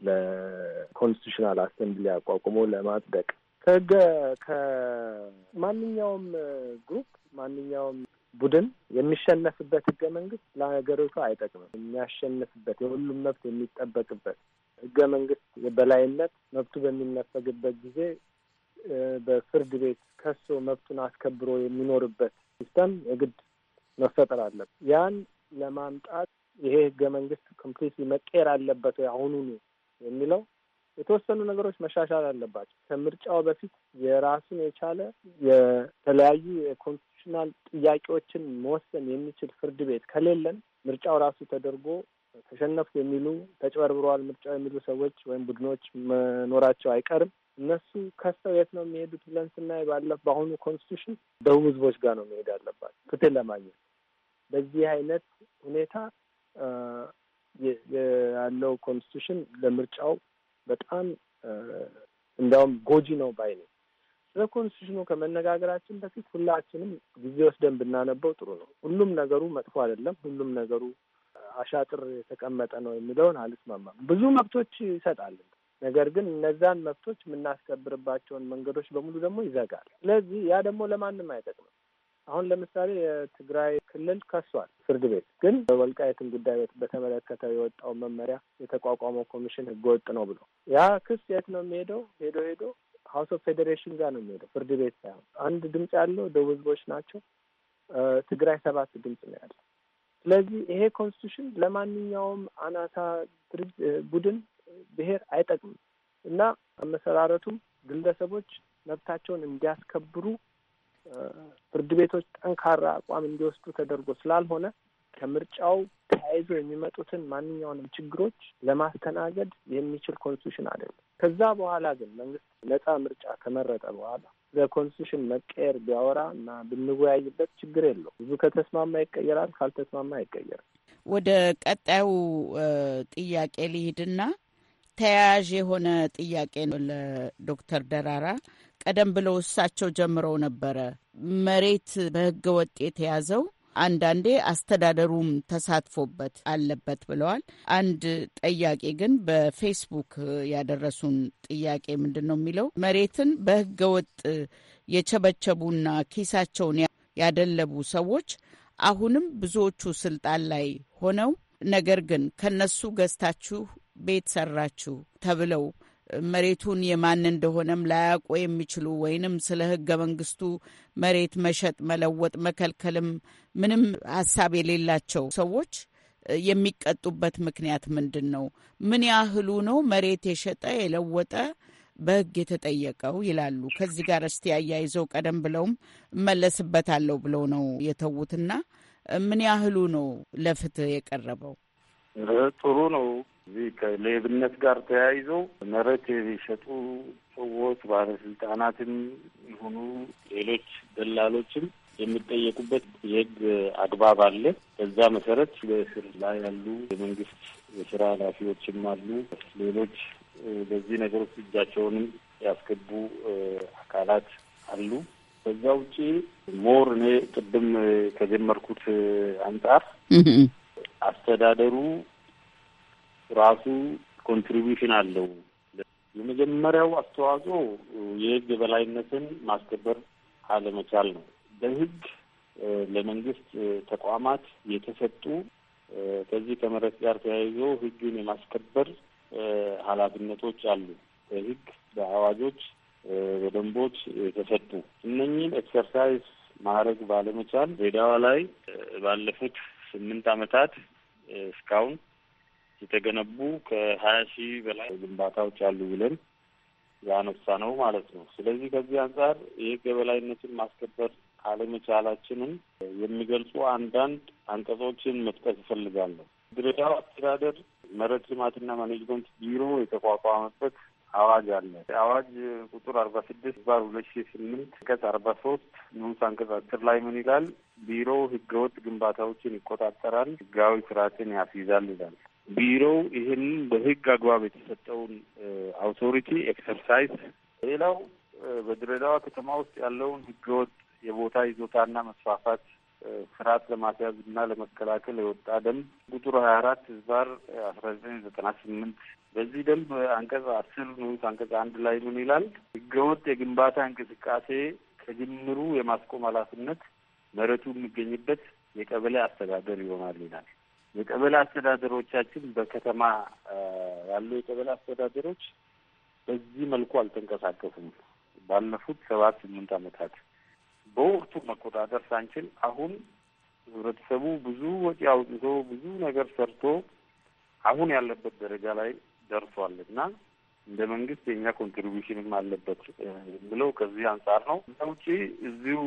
ለኮንስቲቱሽናል አሰምብሊ አቋቁሞ ለማጽደቅ ከህገ ከማንኛውም ግሩፕ ማንኛውም ቡድን የሚሸነፍበት ህገ መንግስት ለሀገሪቱ አይጠቅምም። የሚያሸንፍበት የሁሉም መብት የሚጠበቅበት ህገ መንግስት በላይነት መብቱ በሚነፈግበት ጊዜ በፍርድ ቤት ከሶ መብቱን አስከብሮ የሚኖርበት ሲስተም የግድ መፈጠር አለበት። ያን ለማምጣት ይሄ ህገ መንግስት ኮምፕሊት መቀየር አለበት ወይ አሁኑኑ የሚለው የተወሰኑ ነገሮች መሻሻል አለባቸው። ከምርጫው በፊት የራሱን የቻለ የተለያዩ የኮንስቲቱሽናል ጥያቄዎችን መወሰን የሚችል ፍርድ ቤት ከሌለን ምርጫው ራሱ ተደርጎ ተሸነፉ የሚሉ ተጭበርብረዋል ምርጫው የሚሉ ሰዎች ወይም ቡድኖች መኖራቸው አይቀርም። እነሱ ከሰው የት ነው የሚሄዱት ብለን ስናይ ባለ በአሁኑ ኮንስቲቱሽን ደቡብ ህዝቦች ጋር ነው መሄድ አለባት ፍትህ ለማግኘት በዚህ አይነት ሁኔታ ያለው ኮንስቲቱሽን ለምርጫው በጣም እንዲያውም ጎጂ ነው ባይ ነው። ስለ ኮንስቲቱሽኑ ከመነጋገራችን በፊት ሁላችንም ጊዜ ወስደን ብናነበው ጥሩ ነው። ሁሉም ነገሩ መጥፎ አይደለም። ሁሉም ነገሩ አሻጥር የተቀመጠ ነው የሚለውን አልስማማም። ብዙ መብቶች ይሰጣል፣ ነገር ግን እነዛን መብቶች የምናስከብርባቸውን መንገዶች በሙሉ ደግሞ ይዘጋል። ስለዚህ ያ ደግሞ ለማንም አይጠቅምም። አሁን ለምሳሌ የትግራይ ክልል ከሷል ፍርድ ቤት። ግን በወልቃየትን ጉዳይ በተመለከተ የወጣው መመሪያ የተቋቋመው ኮሚሽን ህገወጥ ነው ብሎ ያ ክስ የት ነው የሚሄደው? ሄዶ ሄዶ ሀውስ ኦፍ ፌዴሬሽን ጋር ነው የሚሄደው፣ ፍርድ ቤት ሳይሆን። አንድ ድምፅ ያለው ደቡብ ህዝቦች ናቸው። ትግራይ ሰባት ድምፅ ነው ያለው። ስለዚህ ይሄ ኮንስቲቱሽን ለማንኛውም አናሳ ቡድን ብሔር አይጠቅምም እና አመሰራረቱም ግለሰቦች መብታቸውን እንዲያስከብሩ ፍርድ ቤቶች ጠንካራ አቋም እንዲወስዱ ተደርጎ ስላልሆነ ከምርጫው ተያይዞ የሚመጡትን ማንኛውንም ችግሮች ለማስተናገድ የሚችል ኮንስቲቱሽን አይደለም። ከዛ በኋላ ግን መንግስት ነጻ ምርጫ ከመረጠ በኋላ ለኮንስቲቱሽን መቀየር ቢያወራ እና ብንወያይበት ችግር የለው። ብዙ ከተስማማ ይቀየራል፣ ካልተስማማ አይቀየርም። ወደ ቀጣዩ ጥያቄ ልሂድና ተያያዥ የሆነ ጥያቄ ነው ለዶክተር ደራራ ቀደም ብለው እሳቸው ጀምረው ነበረ መሬት በህገ ወጥ የተያዘው አንዳንዴ አስተዳደሩም ተሳትፎበት አለበት ብለዋል። አንድ ጠያቄ ግን በፌስቡክ ያደረሱን ጥያቄ ምንድን ነው የሚለው መሬትን በህገወጥ የቸበቸቡና ኪሳቸውን ያደለቡ ሰዎች አሁንም ብዙዎቹ ስልጣን ላይ ሆነው ነገር ግን ከነሱ ገዝታችሁ ቤት ሰራችሁ ተብለው መሬቱን የማን እንደሆነም ላያውቁ የሚችሉ ወይንም ስለ ህገ መንግስቱ መሬት መሸጥ፣ መለወጥ፣ መከልከልም ምንም ሀሳብ የሌላቸው ሰዎች የሚቀጡበት ምክንያት ምንድን ነው? ምን ያህሉ ነው መሬት የሸጠ የለወጠ በህግ የተጠየቀው ይላሉ። ከዚህ ጋር እስቲ አያይዘው ቀደም ብለውም እመለስበታለሁ ብለው ነው የተዉትና ምን ያህሉ ነው ለፍትህ የቀረበው? ጥሩ ነው። እዚህ ከሌብነት ጋር ተያይዞ መሬት የሚሸጡ ሰዎች ባለስልጣናትም ይሁኑ ሌሎች ደላሎችም የሚጠየቁበት የህግ አግባብ አለ። በዛ መሰረት በእስር ላይ ያሉ የመንግስት የስራ ኃላፊዎችም አሉ። ሌሎች በዚህ ነገር ውስጥ እጃቸውንም ያስገቡ አካላት አሉ። በዛ ውጪ ሞር እኔ ቅድም ከጀመርኩት አንጻር አስተዳደሩ ራሱ ኮንትሪቢዩሽን አለው። የመጀመሪያው አስተዋጽኦ የህግ የበላይነትን ማስከበር አለመቻል ነው። በህግ ለመንግስት ተቋማት የተሰጡ ከዚህ ከመሬት ጋር ተያይዞ ህጉን የማስከበር ኃላፊነቶች አሉ። በህግ በአዋጆች፣ በደንቦች የተሰጡ እነኚህን ኤክሰርሳይዝ ማድረግ ባለመቻል ሬዳዋ ላይ ባለፉት ስምንት ዓመታት እስካሁን የተገነቡ ከሀያ ሺህ በላይ ግንባታዎች አሉ ብለን ያነሳ ነው ማለት ነው። ስለዚህ ከዚህ አንጻር የህግ የበላይነትን ማስከበር አለመቻላችንን የሚገልጹ አንዳንድ አንቀጾችን መጥቀስ እፈልጋለሁ። ድሬዳዋ አስተዳደር መሬት ልማትና ማኔጅመንት ቢሮ የተቋቋመበት አዋጅ አለ። አዋጅ ቁጥር አርባ ስድስት ባር ሁለት ሺ ስምንት አንቀጽ አርባ ሶስት ንዑስ አንቀጽ አስር ላይ ምን ይላል? ቢሮው ህገወጥ ግንባታዎችን ይቆጣጠራል፣ ህጋዊ ስርዓትን ያስይዛል ይላል። ቢሮው ይህንን በህግ አግባብ የተሰጠውን አውቶሪቲ ኤክሰርሳይዝ፣ ሌላው በድሬዳዋ ከተማ ውስጥ ያለውን ህገወጥ የቦታ ይዞታና መስፋፋት ስርዓት ለማስያዝ እና ለመከላከል የወጣ ደንብ ቁጥር ሀያ አራት ህዝባር አስራ ዘጠኝ ዘጠና ስምንት በዚህ ደንብ አንቀጽ አስር ንዑስ አንቀጽ አንድ ላይ ምን ይላል? ህገወጥ የግንባታ እንቅስቃሴ ከጅምሩ የማስቆም ኃላፊነት መሬቱ የሚገኝበት የቀበሌ አስተዳደር ይሆናል ይላል። የቀበሌ አስተዳደሮቻችን በከተማ ያሉ የቀበሌ አስተዳደሮች በዚህ መልኩ አልተንቀሳቀሱም። ባለፉት ሰባት ስምንት ዓመታት በወቅቱ መቆጣጠር ሳንችል አሁን ህብረተሰቡ ብዙ ወጪ አውጥቶ ብዙ ነገር ሰርቶ አሁን ያለበት ደረጃ ላይ ደርሷል እና እንደ መንግስት የእኛ ኮንትሪቢሽንም አለበት ብለው ከዚህ አንጻር ነው። ከዛ እዚሁ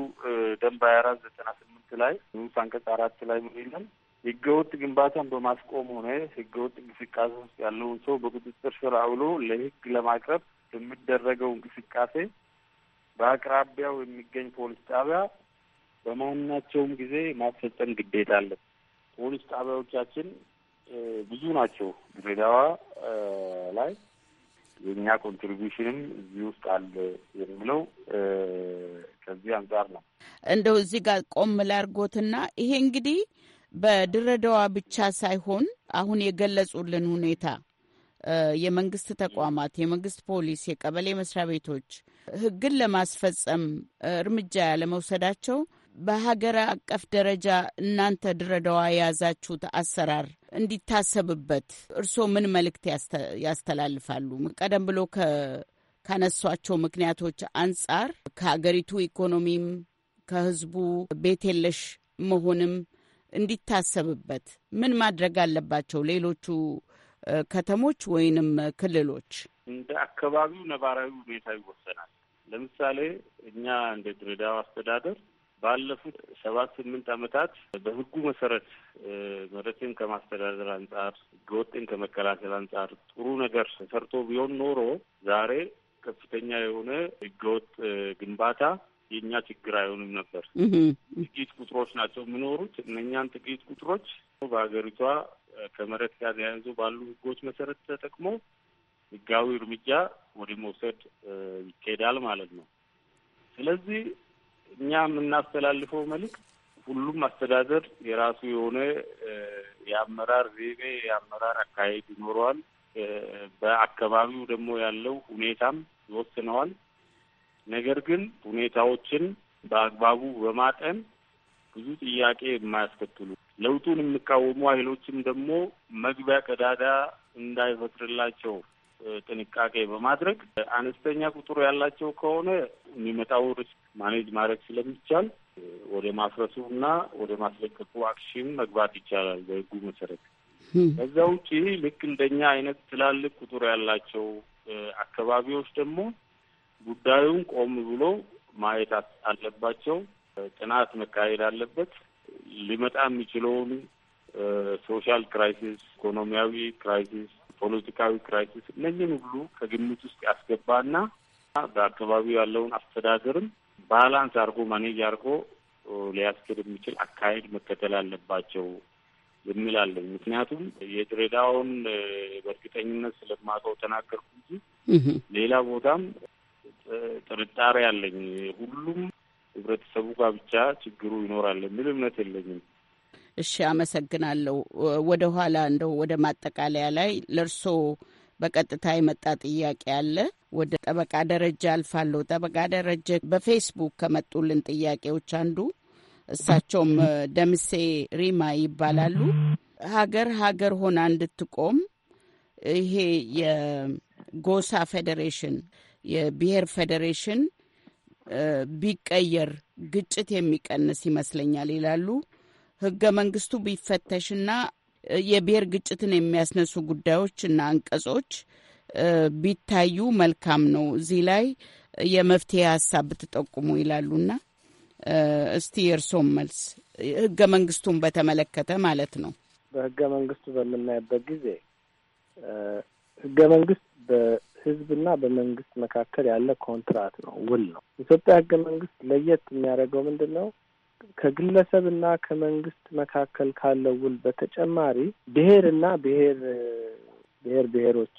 ደንብ ሀያ አራት ዘጠና ስምንት ላይ ንዑስ አንቀጽ አራት ላይ ምን ይላል? ህገወጥ ግንባታን በማስቆም ሆነ ህገወጥ እንቅስቃሴ ውስጥ ያለውን ሰው በቁጥጥር ስር አውሎ ለህግ ለማቅረብ የሚደረገው እንቅስቃሴ በአቅራቢያው የሚገኝ ፖሊስ ጣቢያ በማናቸውም ጊዜ ማስፈጸም ግዴታ አለን። ፖሊስ ጣቢያዎቻችን ብዙ ናቸው። ድሬዳዋ ላይ የእኛ ኮንትሪቢሽንም እዚህ ውስጥ አለ የሚለው ከዚህ አንጻር ነው። እንደው እዚህ ጋር ቆም ላርጎትና ይሄ እንግዲህ በድረዳዋ ብቻ ሳይሆን አሁን የገለጹልን ሁኔታ የመንግስት ተቋማት፣ የመንግስት ፖሊስ፣ የቀበሌ መስሪያ ቤቶች ህግን ለማስፈጸም እርምጃ ያለመውሰዳቸው በሀገር አቀፍ ደረጃ እናንተ ድረዳዋ የያዛችሁት አሰራር እንዲታሰብበት እርስዎ ምን መልእክት ያስተላልፋሉ? ቀደም ብሎ ካነሷቸው ምክንያቶች አንጻር ከሀገሪቱ ኢኮኖሚም ከህዝቡ ቤት የለሽ መሆንም እንዲታሰብበት ምን ማድረግ አለባቸው ሌሎቹ ከተሞች ወይንም ክልሎች? እንደ አካባቢው ነባራዊ ሁኔታ ይወሰናል። ለምሳሌ እኛ እንደ ድሬዳዋ አስተዳደር ባለፉት ሰባት ስምንት ዓመታት በህጉ መሰረት መሬትን ከማስተዳደር አንጻር ሕገወጥን ከመከላከል አንጻር ጥሩ ነገር ተሰርቶ ቢሆን ኖሮ ዛሬ ከፍተኛ የሆነ ህገወጥ ግንባታ የእኛ ችግር አይሆንም ነበር። ጥቂት ቁጥሮች ናቸው የሚኖሩት። እነኛን ጥቂት ቁጥሮች በሀገሪቷ ከመሬት ጋር ተያይዞ ባሉ ህጎች መሰረት ተጠቅሞ ህጋዊ እርምጃ ወደ መውሰድ ይካሄዳል ማለት ነው። ስለዚህ እኛ የምናስተላልፈው መልዕክት ሁሉም አስተዳደር የራሱ የሆነ የአመራር ዘይቤ፣ የአመራር አካሄድ ይኖረዋል። በአካባቢው ደግሞ ያለው ሁኔታም ይወስነዋል። ነገር ግን ሁኔታዎችን በአግባቡ በማጠን ብዙ ጥያቄ የማያስከትሉ ለውጡን የሚቃወሙ ኃይሎችም ደግሞ መግቢያ ቀዳዳ እንዳይፈጥርላቸው ጥንቃቄ በማድረግ አነስተኛ ቁጥር ያላቸው ከሆነ የሚመጣው ሪስክ ማኔጅ ማድረግ ስለሚቻል ወደ ማፍረሱ እና ወደ ማስለቀቁ አክሽን መግባት ይቻላል በህጉ መሰረት። ከዛ ውጪ ልክ እንደኛ አይነት ትላልቅ ቁጥር ያላቸው አካባቢዎች ደግሞ ጉዳዩን ቆም ብሎ ማየት አለባቸው። ጥናት መካሄድ አለበት። ሊመጣ የሚችለውን ሶሻል ክራይሲስ፣ ኢኮኖሚያዊ ክራይሲስ፣ ፖለቲካዊ ክራይሲስ እነዚህን ሁሉ ከግምት ውስጥ ያስገባና በአካባቢው ያለውን አስተዳደርም ባላንስ አድርጎ ማኔጅ አድርጎ ሊያስገድ የሚችል አካሄድ መከተል አለባቸው የሚል አለኝ። ምክንያቱም የድሬዳውን በእርግጠኝነት ስለማውቀው ተናገርኩ እንጂ ሌላ ቦታም ጥርጣሬ አለኝ። ሁሉም ህብረተሰቡ ጋር ብቻ ችግሩ ይኖራል የሚል እምነት የለኝም። እሺ፣ አመሰግናለሁ። ወደ ኋላ እንደው ወደ ማጠቃለያ ላይ ለእርሶ በቀጥታ የመጣ ጥያቄ አለ። ወደ ጠበቃ ደረጃ አልፋለሁ። ጠበቃ ደረጀ በፌስቡክ ከመጡልን ጥያቄዎች አንዱ እሳቸውም ደምሴ ሪማ ይባላሉ። ሀገር ሀገር ሆና እንድትቆም ይሄ የጎሳ ፌዴሬሽን የብሔር ፌዴሬሽን ቢቀየር ግጭት የሚቀንስ ይመስለኛል ይላሉ። ህገ መንግስቱ ቢፈተሽና የብሔር ግጭትን የሚያስነሱ ጉዳዮች እና አንቀጾች ቢታዩ መልካም ነው። እዚህ ላይ የመፍትሄ ሀሳብ ብትጠቁሙ ይላሉና እስቲ የእርሶም መልስ ህገ መንግስቱን በተመለከተ ማለት ነው። በህገ መንግስቱ በምናይበት ጊዜ ህገ መንግስት ህዝብና በመንግስት መካከል ያለ ኮንትራት ነው፣ ውል ነው። ኢትዮጵያ ህገ መንግስት ለየት የሚያደርገው ምንድን ነው? ከግለሰብና ከመንግስት መካከል ካለው ውል በተጨማሪ ብሔርና ብሔር ብሔር ብሔሮች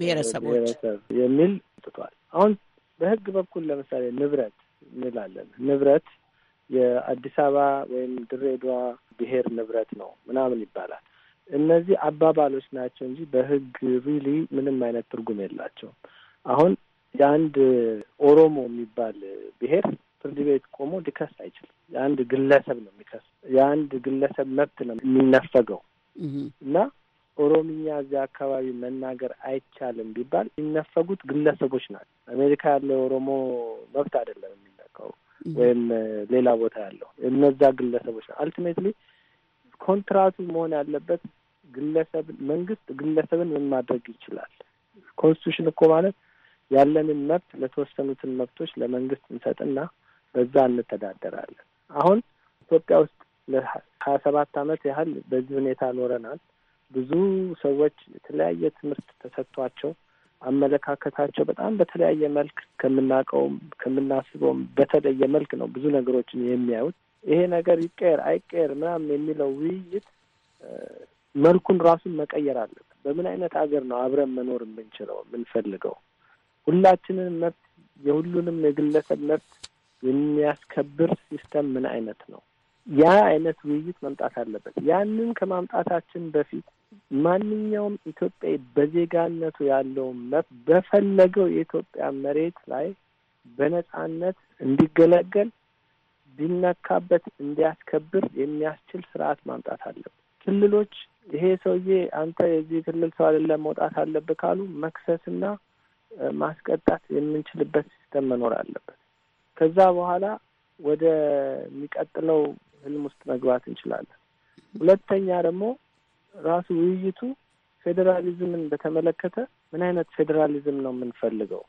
ብሔረሰቦች የሚል ጥቷል። አሁን በህግ በኩል ለምሳሌ ንብረት እንላለን። ንብረት የአዲስ አበባ ወይም ድሬዳዋ ብሔር ንብረት ነው ምናምን ይባላል። እነዚህ አባባሎች ናቸው እንጂ በህግ ሪሊ ምንም አይነት ትርጉም የላቸውም። አሁን የአንድ ኦሮሞ የሚባል ብሄር ፍርድ ቤት ቆሞ ሊከስ አይችልም። የአንድ ግለሰብ ነው የሚከስ የአንድ ግለሰብ መብት ነው የሚነፈገው እና ኦሮምኛ እዚያ አካባቢ መናገር አይቻልም ቢባል የሚነፈጉት ግለሰቦች ናቸው። አሜሪካ ያለው የኦሮሞ መብት አይደለም የሚነካው ወይም ሌላ ቦታ ያለው እነዛ ግለሰቦች ነው አልቲሜትሊ ኮንትራቱ መሆን ያለበት ግለሰብን መንግስት ግለሰብን ምን ማድረግ ይችላል? ኮንስቲቱሽን እኮ ማለት ያለንን መብት ለተወሰኑትን መብቶች ለመንግስት እንሰጥና በዛ እንተዳደራለን። አሁን ኢትዮጵያ ውስጥ ለሀያ ሰባት አመት ያህል በዚህ ሁኔታ ኖረናል። ብዙ ሰዎች የተለያየ ትምህርት ተሰጥቷቸው አመለካከታቸው በጣም በተለያየ መልክ ከምናውቀውም ከምናስበውም በተለየ መልክ ነው ብዙ ነገሮችን የሚያዩት። ይሄ ነገር ይቀየር አይቀየር ምናምን የሚለው ውይይት መልኩን ራሱን መቀየር አለበት። በምን አይነት ሀገር ነው አብረን መኖር የምንችለው የምንፈልገው? ሁላችንን መብት የሁሉንም የግለሰብ መብት የሚያስከብር ሲስተም ምን አይነት ነው? ያ አይነት ውይይት መምጣት አለበት። ያንን ከማምጣታችን በፊት ማንኛውም ኢትዮጵያ በዜጋነቱ ያለውን መብት በፈለገው የኢትዮጵያ መሬት ላይ በነጻነት እንዲገለገል ቢነካበት እንዲያስከብር የሚያስችል ስርዓት ማምጣት አለብን። ክልሎች ይሄ ሰውዬ አንተ የዚህ ክልል ሰው አይደለም መውጣት አለብህ ካሉ መክሰስና ማስቀጣት የምንችልበት ሲስተም መኖር አለበት። ከዛ በኋላ ወደ የሚቀጥለው ህልም ውስጥ መግባት እንችላለን። ሁለተኛ ደግሞ ራሱ ውይይቱ ፌዴራሊዝምን በተመለከተ ምን አይነት ፌዴራሊዝም ነው የምንፈልገው?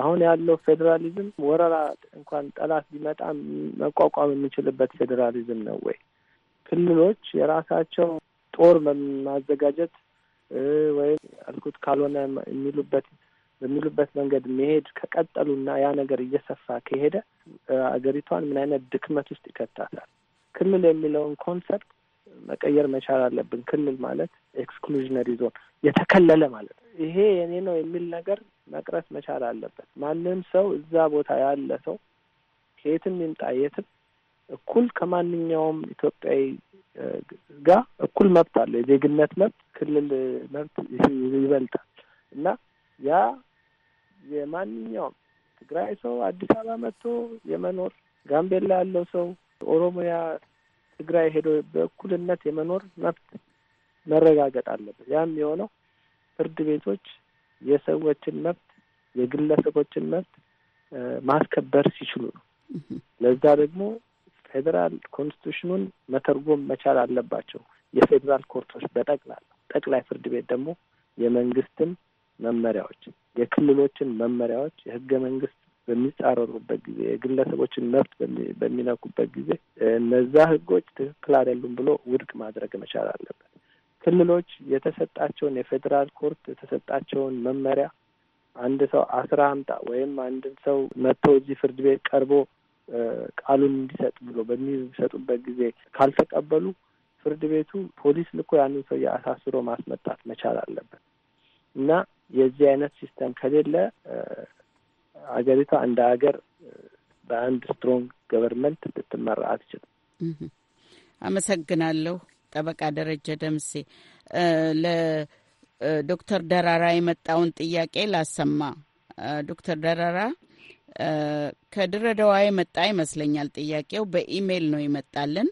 አሁን ያለው ፌዴራሊዝም ወረራ እንኳን ጠላት ቢመጣ መቋቋም የምንችልበት ፌዴራሊዝም ነው ወይ? ክልሎች የራሳቸው ጦር ማዘጋጀት ወይም አልኩት ካልሆነ የሚሉበት በሚሉበት መንገድ መሄድ ከቀጠሉና ያ ነገር እየሰፋ ከሄደ አገሪቷን ምን አይነት ድክመት ውስጥ ይከታታል? ክልል የሚለውን ኮንሰፕት መቀየር መቻል አለብን። ክልል ማለት ኤክስክሉዥነሪ ዞን የተከለለ ማለት ነው። ይሄ የኔ ነው የሚል ነገር መቅረት መቻል አለበት። ማንም ሰው እዛ ቦታ ያለ ሰው ከየትም ይምጣ የትም እኩል ከማንኛውም ኢትዮጵያዊ ጋር እኩል መብት አለው። የዜግነት መብት ክልል መብት ይበልጣል እና ያ የማንኛውም ትግራይ ሰው አዲስ አበባ መጥቶ የመኖር ጋምቤላ ያለው ሰው ኦሮሚያ፣ ትግራይ ሄዶ በእኩልነት የመኖር መብት መረጋገጥ አለበት። ያም የሆነው ፍርድ ቤቶች የሰዎችን መብት የግለሰቦችን መብት ማስከበር ሲችሉ ነው። ለዛ ደግሞ ፌዴራል ኮንስቲቱሽኑን መተርጎም መቻል አለባቸው። የፌዴራል ኮርቶች በጠቅላላ ጠቅላይ ፍርድ ቤት ደግሞ የመንግስትን መመሪያዎች፣ የክልሎችን መመሪያዎች የህገ መንግስት በሚጻረሩበት ጊዜ፣ የግለሰቦችን መብት በሚነኩበት ጊዜ እነዛ ህጎች ትክክል አይደሉም ብሎ ውድቅ ማድረግ መቻል አለበት። ክልሎች የተሰጣቸውን የፌዴራል ኮርት የተሰጣቸውን መመሪያ አንድ ሰው አስራ አምጣ ወይም አንድ ሰው መጥቶ እዚህ ፍርድ ቤት ቀርቦ ቃሉን እንዲሰጥ ብሎ በሚሰጡበት ጊዜ ካልተቀበሉ ፍርድ ቤቱ ፖሊስ ልኮ ያንን ሰው የአሳስሮ ማስመጣት መቻል አለበት እና የዚህ አይነት ሲስተም ከሌለ አገሪቷ እንደ ሀገር በአንድ ስትሮንግ ገቨርንመንት ልትመራ አትችልም። አመሰግናለሁ። ጠበቃ ደረጀ ደምሴ ለዶክተር ደራራ የመጣውን ጥያቄ ላሰማ። ዶክተር ደራራ ከድሬዳዋ የመጣ ይመስለኛል። ጥያቄው በኢሜይል ነው ይመጣልን።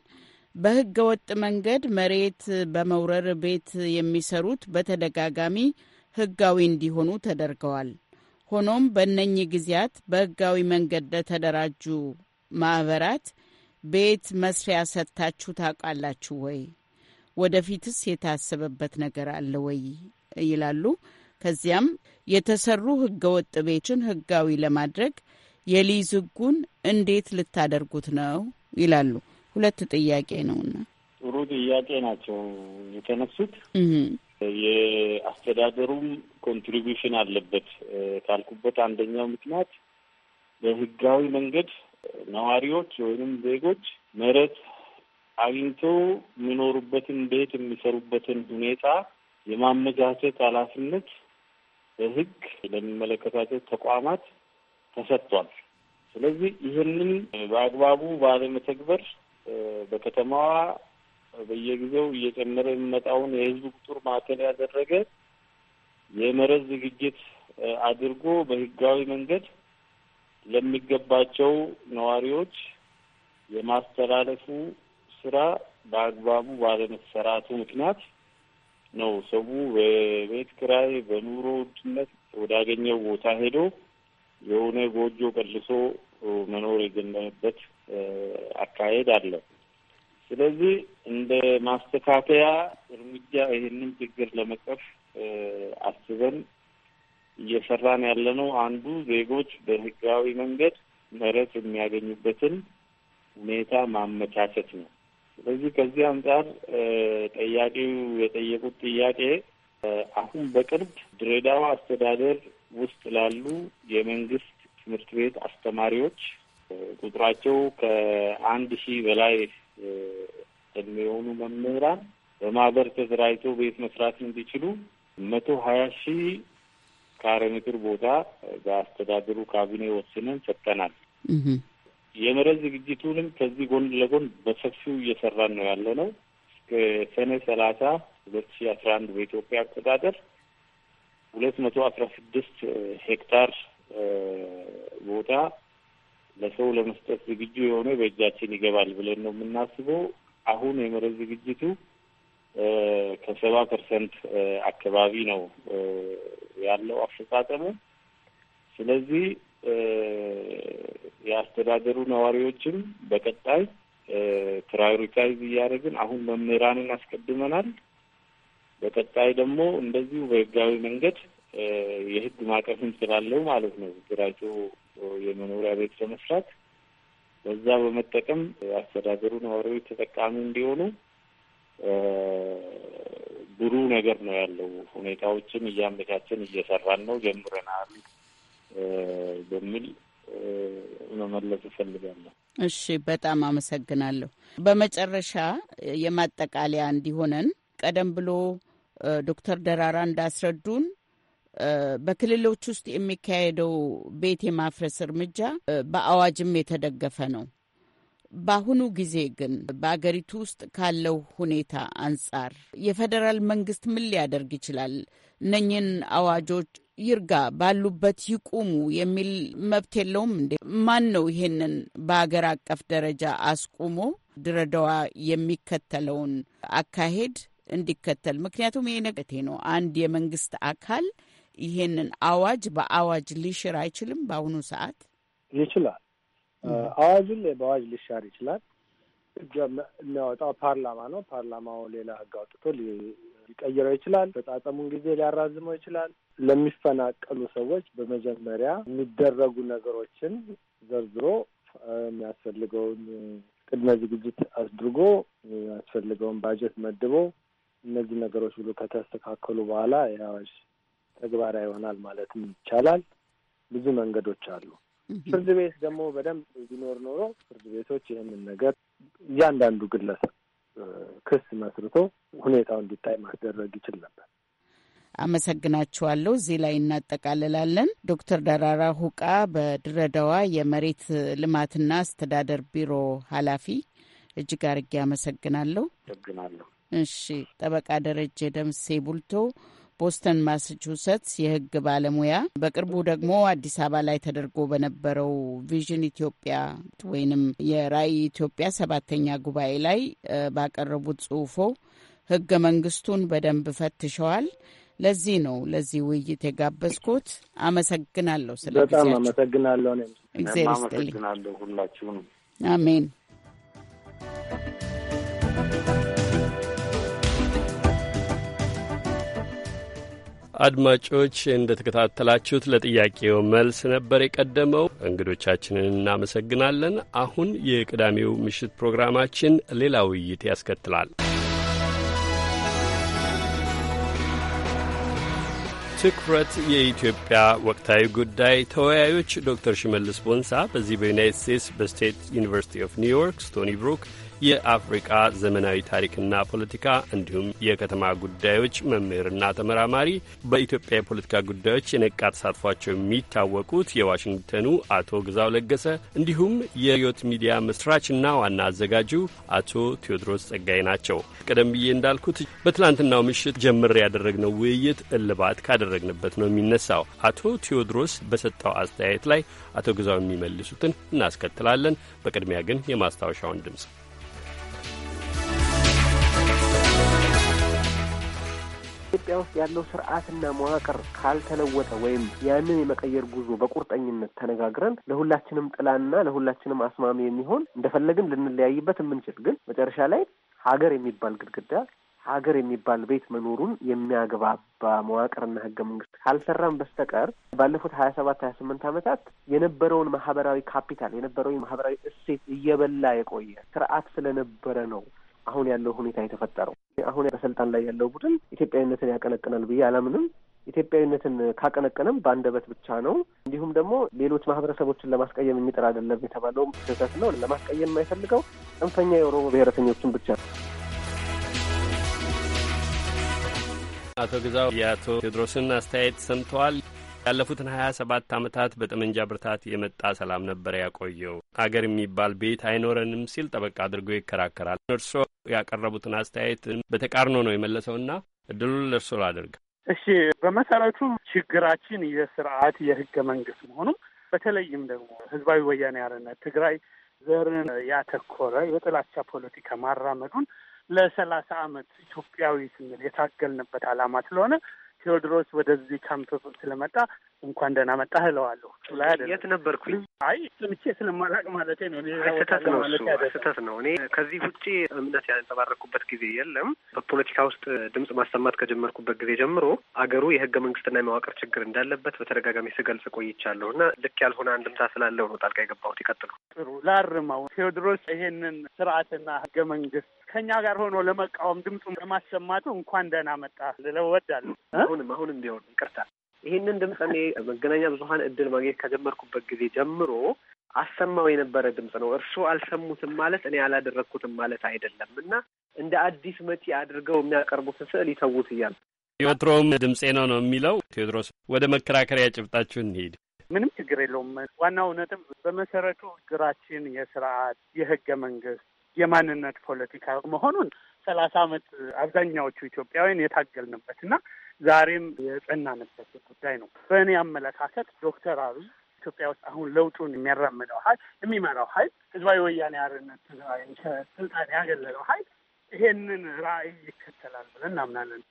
በህገ ወጥ መንገድ መሬት በመውረር ቤት የሚሰሩት በተደጋጋሚ ህጋዊ እንዲሆኑ ተደርገዋል። ሆኖም በእነኚህ ጊዜያት በህጋዊ መንገድ ለተደራጁ ማህበራት ቤት መስሪያ ሰጥታችሁ ታውቃላችሁ ወይ? ወደፊትስ የታሰበበት ነገር አለ ወይ ይላሉ። ከዚያም የተሰሩ ህገወጥ ቤትን ህጋዊ ለማድረግ የሊዝ ህጉን እንዴት ልታደርጉት ነው ይላሉ። ሁለት ጥያቄ ነውና ጥሩ ጥያቄ ናቸው የተነሱት። የአስተዳደሩም ኮንትሪቢሽን አለበት ካልኩበት አንደኛው ምክንያት በህጋዊ መንገድ ነዋሪዎች ወይንም ዜጎች መሬት አግኝቶ የሚኖሩበትን ቤት የሚሰሩበትን ሁኔታ የማመቻቸት ኃላፊነት በሕግ ለሚመለከታቸው ተቋማት ተሰጥቷል። ስለዚህ ይህንን በአግባቡ ባለመተግበር በከተማዋ በየጊዜው እየጨመረ የሚመጣውን የህዝብ ቁጥር ማዕከል ያደረገ የመሬት ዝግጅት አድርጎ በህጋዊ መንገድ ለሚገባቸው ነዋሪዎች የማስተላለፉ ስራ በአግባቡ ባለመሰራቱ ምክንያት ነው ሰው በቤት ክራይ በኑሮ ውድነት ወዳገኘው ቦታ ሄዶ የሆነ ጎጆ ቀልሶ መኖር የጀመረበት አካሄድ አለ። ስለዚህ እንደ ማስተካከያ እርምጃ ይህንን ችግር ለመቅረፍ አስበን እየሰራን ያለነው አንዱ ዜጎች በህጋዊ መንገድ መሬት የሚያገኙበትን ሁኔታ ማመቻቸት ነው። ስለዚህ ከዚህ አንጻር ጠያቂው የጠየቁት ጥያቄ አሁን በቅርብ ድሬዳዋ አስተዳደር ውስጥ ላሉ የመንግስት ትምህርት ቤት አስተማሪዎች ቁጥራቸው ከአንድ ሺህ በላይ የሚሆኑ መምህራን በማህበር ተደራጅተው ቤት መስራት እንዲችሉ መቶ ሀያ ሺህ ካሬ ሜትር ቦታ በአስተዳደሩ ካቢኔ ወስነን ሰጠናል። የመሬት ዝግጅቱንም ከዚህ ጎን ለጎን በሰፊው እየሰራን ነው ያለ ነው። ከሰኔ ሰላሳ ሁለት ሺ አስራ አንድ በኢትዮጵያ አቆጣጠር ሁለት መቶ አስራ ስድስት ሄክታር ቦታ ለሰው ለመስጠት ዝግጁ የሆነ በእጃችን ይገባል ብለን ነው የምናስበው። አሁን የመሬት ዝግጅቱ ከሰባ ፐርሰንት አካባቢ ነው ያለው አፈጻጸሙ። ስለዚህ የአስተዳደሩ ነዋሪዎችም በቀጣይ ፕራዮሪታይዝ እያደረግን አሁን መምህራንን አስቀድመናል። በቀጣይ ደግሞ እንደዚሁ በህጋዊ መንገድ የህግ ማቀፍ ስላለው ማለት ነው ግራቸው የመኖሪያ ቤት ለመስራት በዛ በመጠቀም የአስተዳደሩ ነዋሪዎች ተጠቃሚ እንዲሆኑ ብሩ ነገር ነው ያለው። ሁኔታዎችን እያመቻችን እየሰራን ነው ጀምረናል በሚል መመለስ እፈልጋለሁ። እሺ፣ በጣም አመሰግናለሁ። በመጨረሻ የማጠቃለያ እንዲሆነን ቀደም ብሎ ዶክተር ደራራ እንዳስረዱን በክልሎች ውስጥ የሚካሄደው ቤት የማፍረስ እርምጃ በአዋጅም የተደገፈ ነው። በአሁኑ ጊዜ ግን በአገሪቱ ውስጥ ካለው ሁኔታ አንጻር የፌዴራል መንግስት ምን ሊያደርግ ይችላል? እነኝን አዋጆች ይርጋ ባሉበት ይቁሙ የሚል መብት የለውም እንዴ? ማን ነው ይሄንን በሀገር አቀፍ ደረጃ አስቁሞ ድሬዳዋ የሚከተለውን አካሄድ እንዲከተል? ምክንያቱም ይሄ ነገቴ ነው። አንድ የመንግስት አካል ይሄንን አዋጅ በአዋጅ ሊሽር አይችልም። በአሁኑ ሰዓት ይችላል። አዋጁን በአዋጅ ሊሻር ይችላል። የሚያወጣው ፓርላማ ነው። ፓርላማው ሌላ ህግ አውጥቶ ሊቀይረው ይችላል። በጣጠሙን ጊዜ ሊያራዝመው ይችላል። ለሚፈናቀሉ ሰዎች በመጀመሪያ የሚደረጉ ነገሮችን ዘርዝሮ የሚያስፈልገውን ቅድመ ዝግጅት አስድርጎ የሚያስፈልገውን ባጀት መድቦ እነዚህ ነገሮች ሁሉ ከተስተካከሉ በኋላ ይህ ተግባራ ተግባራዊ ይሆናል ማለትም ይቻላል። ብዙ መንገዶች አሉ። ፍርድ ቤት ደግሞ በደንብ ቢኖር ኖሮ ፍርድ ቤቶች ይህንን ነገር እያንዳንዱ ግለሰብ ክስ መስርቶ ሁኔታው እንዲታይ ማስደረግ ይችል ነበር። አመሰግናችኋለሁ። እዚህ ላይ እናጠቃልላለን። ዶክተር ደራራ ሁቃ በድሬዳዋ የመሬት ልማትና አስተዳደር ቢሮ ኃላፊ እጅግ አርጌ አመሰግናለሁ። እሺ፣ ጠበቃ ደረጀ ደምሴ ቡልቶ ቦስተን ማሳቹሴትስ የህግ ባለሙያ በቅርቡ ደግሞ አዲስ አበባ ላይ ተደርጎ በነበረው ቪዥን ኢትዮጵያ ወይንም የራዕይ ኢትዮጵያ ሰባተኛ ጉባኤ ላይ ባቀረቡት ጽሁፎ ህገ መንግስቱን በደንብ ፈትሸዋል። ለዚህ ነው ለዚህ ውይይት የጋበዝኩት። አመሰግናለሁ ስለ በጣም አመሰግናለሁ። ይስጥልኝ። አሜን። አድማጮች እንደተከታተላችሁት ለጥያቄው መልስ ነበር የቀደመው። እንግዶቻችንን እናመሰግናለን። አሁን የቅዳሜው ምሽት ፕሮግራማችን ሌላ ውይይት ያስከትላል። ትኩረት የኢትዮጵያ ወቅታዊ ጉዳይ ተወያዮች ዶክተር ሽመልስ ቦንሳ በዚህ በዩናይት ስቴትስ በስቴት ዩኒቨርሲቲ ኦፍ ኒውዮርክ ስቶኒ ብሩክ የአፍሪቃ ዘመናዊ ታሪክና ፖለቲካ እንዲሁም የከተማ ጉዳዮች መምህርና ተመራማሪ በኢትዮጵያ የፖለቲካ ጉዳዮች የነቃ ተሳትፏቸው የሚታወቁት የዋሽንግተኑ አቶ ግዛው ለገሰ እንዲሁም የዮት ሚዲያ መስራችና ዋና አዘጋጁ አቶ ቴዎድሮስ ጸጋይ ናቸው። ቀደም ብዬ እንዳልኩት በትላንትናው ምሽት ጀምር ያደረግነው ውይይት እልባት ካደረግንበት ነው የሚነሳው። አቶ ቴዎድሮስ በሰጠው አስተያየት ላይ አቶ ግዛው የሚመልሱትን እናስከትላለን። በቅድሚያ ግን የማስታወሻውን ድምፅ ኢትዮጵያ ውስጥ ያለው ስርዓትና መዋቅር ካልተለወጠ ወይም ያንን የመቀየር ጉዞ በቁርጠኝነት ተነጋግረን ለሁላችንም ጥላና ለሁላችንም አስማሚ የሚሆን እንደፈለግን ልንለያይበት የምንችል ግን መጨረሻ ላይ ሀገር የሚባል ግድግዳ ሀገር የሚባል ቤት መኖሩን የሚያግባባ መዋቅርና ህገ መንግስት ካልሰራም በስተቀር ባለፉት ሀያ ሰባት ሀያ ስምንት ዓመታት የነበረውን ማህበራዊ ካፒታል የነበረውን ማህበራዊ እሴት እየበላ የቆየ ስርዓት ስለነበረ ነው አሁን ያለው ሁኔታ የተፈጠረው። አሁን በስልጣን ላይ ያለው ቡድን ኢትዮጵያዊነትን ያቀነቅናል ብዬ አላምንም። ኢትዮጵያዊነትን ካቀነቀነም በአንደበት ብቻ ነው። እንዲሁም ደግሞ ሌሎች ማህበረሰቦችን ለማስቀየም የሚጥር አይደለም የተባለውም ስህተት ነው። ለማስቀየም የማይፈልገው ጽንፈኛ የኦሮሞ ብሔረተኞችን ብቻ ነው። አቶ ግዛው የአቶ ቴድሮስን አስተያየት ሰምተዋል። ያለፉትን ሀያ ሰባት ዓመታት በጠመንጃ ብርታት የመጣ ሰላም ነበር ያቆየው። አገር የሚባል ቤት አይኖረንም ሲል ጠበቅ አድርጎ ይከራከራል። እርስዎ ያቀረቡትን አስተያየት በተቃርኖ ነው የመለሰውና እድሉን ለእርስዎ ላድርግ። እሺ፣ በመሰረቱ ችግራችን የስርዓት የህገ መንግስት መሆኑም በተለይም ደግሞ ህዝባዊ ወያኔ ሓርነት ትግራይ ዘርን ያተኮረ የጥላቻ ፖለቲካ ማራመዱን ለሰላሳ አመት ኢትዮጵያዊ ስንል የታገልንበት አላማ ስለሆነ ቴዎድሮስ ወደዚህ ካምፕ ስለመጣ እንኳን ደህና መጣህ እለዋለሁ። የት ነበርኩኝ? አይ ስምቼ ስለማላቅ ማለት ነው። ስህተት ነው፣ ስህተት ነው። እኔ ከዚህ ውጭ እምነት ያንጸባረኩበት ጊዜ የለም። በፖለቲካ ውስጥ ድምጽ ማሰማት ከጀመርኩበት ጊዜ ጀምሮ አገሩ የህገ መንግስትና የመዋቅር ችግር እንዳለበት በተደጋጋሚ ስገልጽ ቆይቻለሁ እና ልክ ያልሆነ አንድምታ ስላለው ነው ጣልቃ የገባሁት። ይቀጥሉ። ጥሩ ላርማው ቴዎድሮስ ይሄንን ስርዓትና ህገ መንግስት ከኛ ጋር ሆኖ ለመቃወም ድምፁን ለማሰማቱ እንኳን ደህና መጣ ልለው እወዳለሁ። አሁንም አሁንም ቢሆን ይቅርታ ይህንን ድምፅ እኔ መገናኛ ብዙኃን እድል ማግኘት ከጀመርኩበት ጊዜ ጀምሮ አሰማው የነበረ ድምፅ ነው። እርስዎ አልሰሙትም ማለት እኔ አላደረግኩትም ማለት አይደለም እና እንደ አዲስ መጪ አድርገው የሚያቀርቡትን ስዕል ይተዉት እያል ቴዎድሮም ድምፄ ነው ነው የሚለው ቴዎድሮስ፣ ወደ መከራከሪያ ጭብጣችሁ እንሄድ። ምንም ችግር የለውም። ዋናው ነጥብ በመሰረቱ ችግራችን የስርዓት የህገ መንግስት የማንነት ፖለቲካ መሆኑን ሰላሳ ዓመት አብዛኛዎቹ ኢትዮጵያውያን የታገልንበት እና ዛሬም የጸናንበት ጉዳይ ነው። በእኔ አመለካከት ዶክተር አብይ ኢትዮጵያ ውስጥ አሁን ለውጡን የሚያራምደው ሀይል የሚመራው ሀይል ህዝባዊ ወያኔ አርነት ትግራይ ከስልጣን ያገለለው ሀይል ይሄንን ራዕይ ይከተላል ብለን እናምናለን።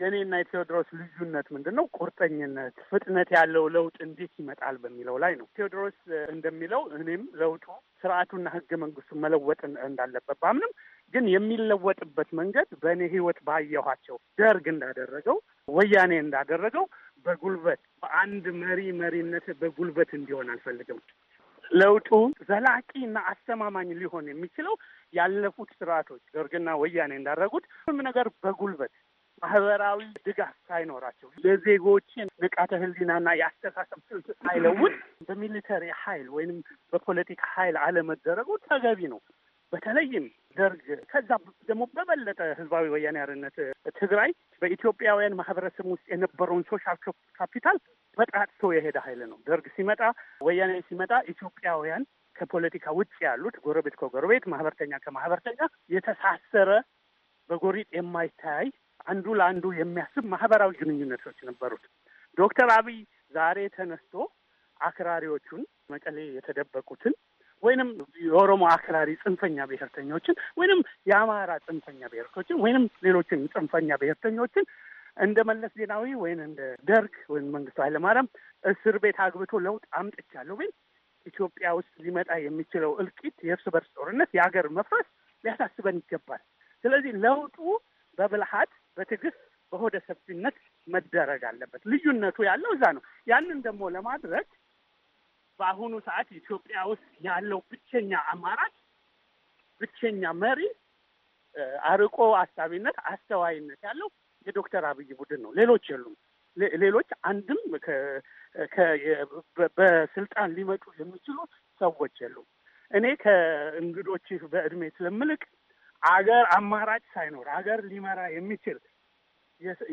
የእኔና የቴዎድሮስ ልዩነት ምንድን ነው? ቁርጠኝነት፣ ፍጥነት ያለው ለውጥ እንዴት ይመጣል በሚለው ላይ ነው። ቴዎድሮስ እንደሚለው እኔም ለውጡ ስርዓቱና ህገ መንግስቱ መለወጥ እንዳለበት በአምንም ግን የሚለወጥበት መንገድ በእኔ ህይወት ባየኋቸው ደርግ እንዳደረገው ወያኔ እንዳደረገው በጉልበት በአንድ መሪ መሪነት በጉልበት እንዲሆን አልፈልግም። ለውጡ ዘላቂና አስተማማኝ ሊሆን የሚችለው ያለፉት ስርዓቶች ደርግና ወያኔ እንዳደረጉት ሁሉም ነገር በጉልበት ማህበራዊ ድጋፍ ሳይኖራቸው ለዜጎችን ንቃተ ህሊናና የአስተሳሰብ ስልት ሳይለውጥ በሚሊተሪ ኃይል ወይንም በፖለቲካ ኃይል አለመደረጉ ተገቢ ነው። በተለይም ደርግ ከዛ ደግሞ በበለጠ ህዝባዊ ወያኔ ሓርነት ትግራይ በኢትዮጵያውያን ማህበረሰብ ውስጥ የነበረውን ሶሻል ካፒታል በጣጥቶ የሄደ ኃይል ነው። ደርግ ሲመጣ፣ ወያኔ ሲመጣ ኢትዮጵያውያን ከፖለቲካ ውጭ ያሉት ጎረቤት ከጎረቤት ማህበርተኛ ከማህበርተኛ የተሳሰረ በጎሪጥ የማይታይ አንዱ ለአንዱ የሚያስብ ማህበራዊ ግንኙነቶች ነበሩት። ዶክተር አብይ ዛሬ ተነስቶ አክራሪዎቹን መቀሌ የተደበቁትን ወይንም የኦሮሞ አክራሪ ጽንፈኛ ብሔርተኞችን ወይንም የአማራ ጽንፈኛ ብሔርቶችን ወይንም ሌሎችን ጽንፈኛ ብሔርተኞችን እንደ መለስ ዜናዊ ወይም እንደ ደርግ ወይም መንግስቱ ኃይለማርያም እስር ቤት አግብቶ ለውጥ አምጥቻለሁ ቢል ኢትዮጵያ ውስጥ ሊመጣ የሚችለው እልቂት፣ የእርስ በርስ ጦርነት፣ የሀገር መፍረስ ሊያሳስበን ይገባል። ስለዚህ ለውጡ በብልሃት በትዕግስት በሆደ ሰፊነት መደረግ አለበት። ልዩነቱ ያለው እዛ ነው። ያንን ደግሞ ለማድረግ በአሁኑ ሰዓት ኢትዮጵያ ውስጥ ያለው ብቸኛ አማራጭ ብቸኛ መሪ አርቆ አሳቢነት፣ አስተዋይነት ያለው የዶክተር አብይ ቡድን ነው። ሌሎች የሉም። ሌሎች አንድም በስልጣን ሊመጡ የሚችሉ ሰዎች የሉም። እኔ ከእንግዶችህ በእድሜ ስለምልቅ አገር አማራጭ ሳይኖር አገር ሊመራ የሚችል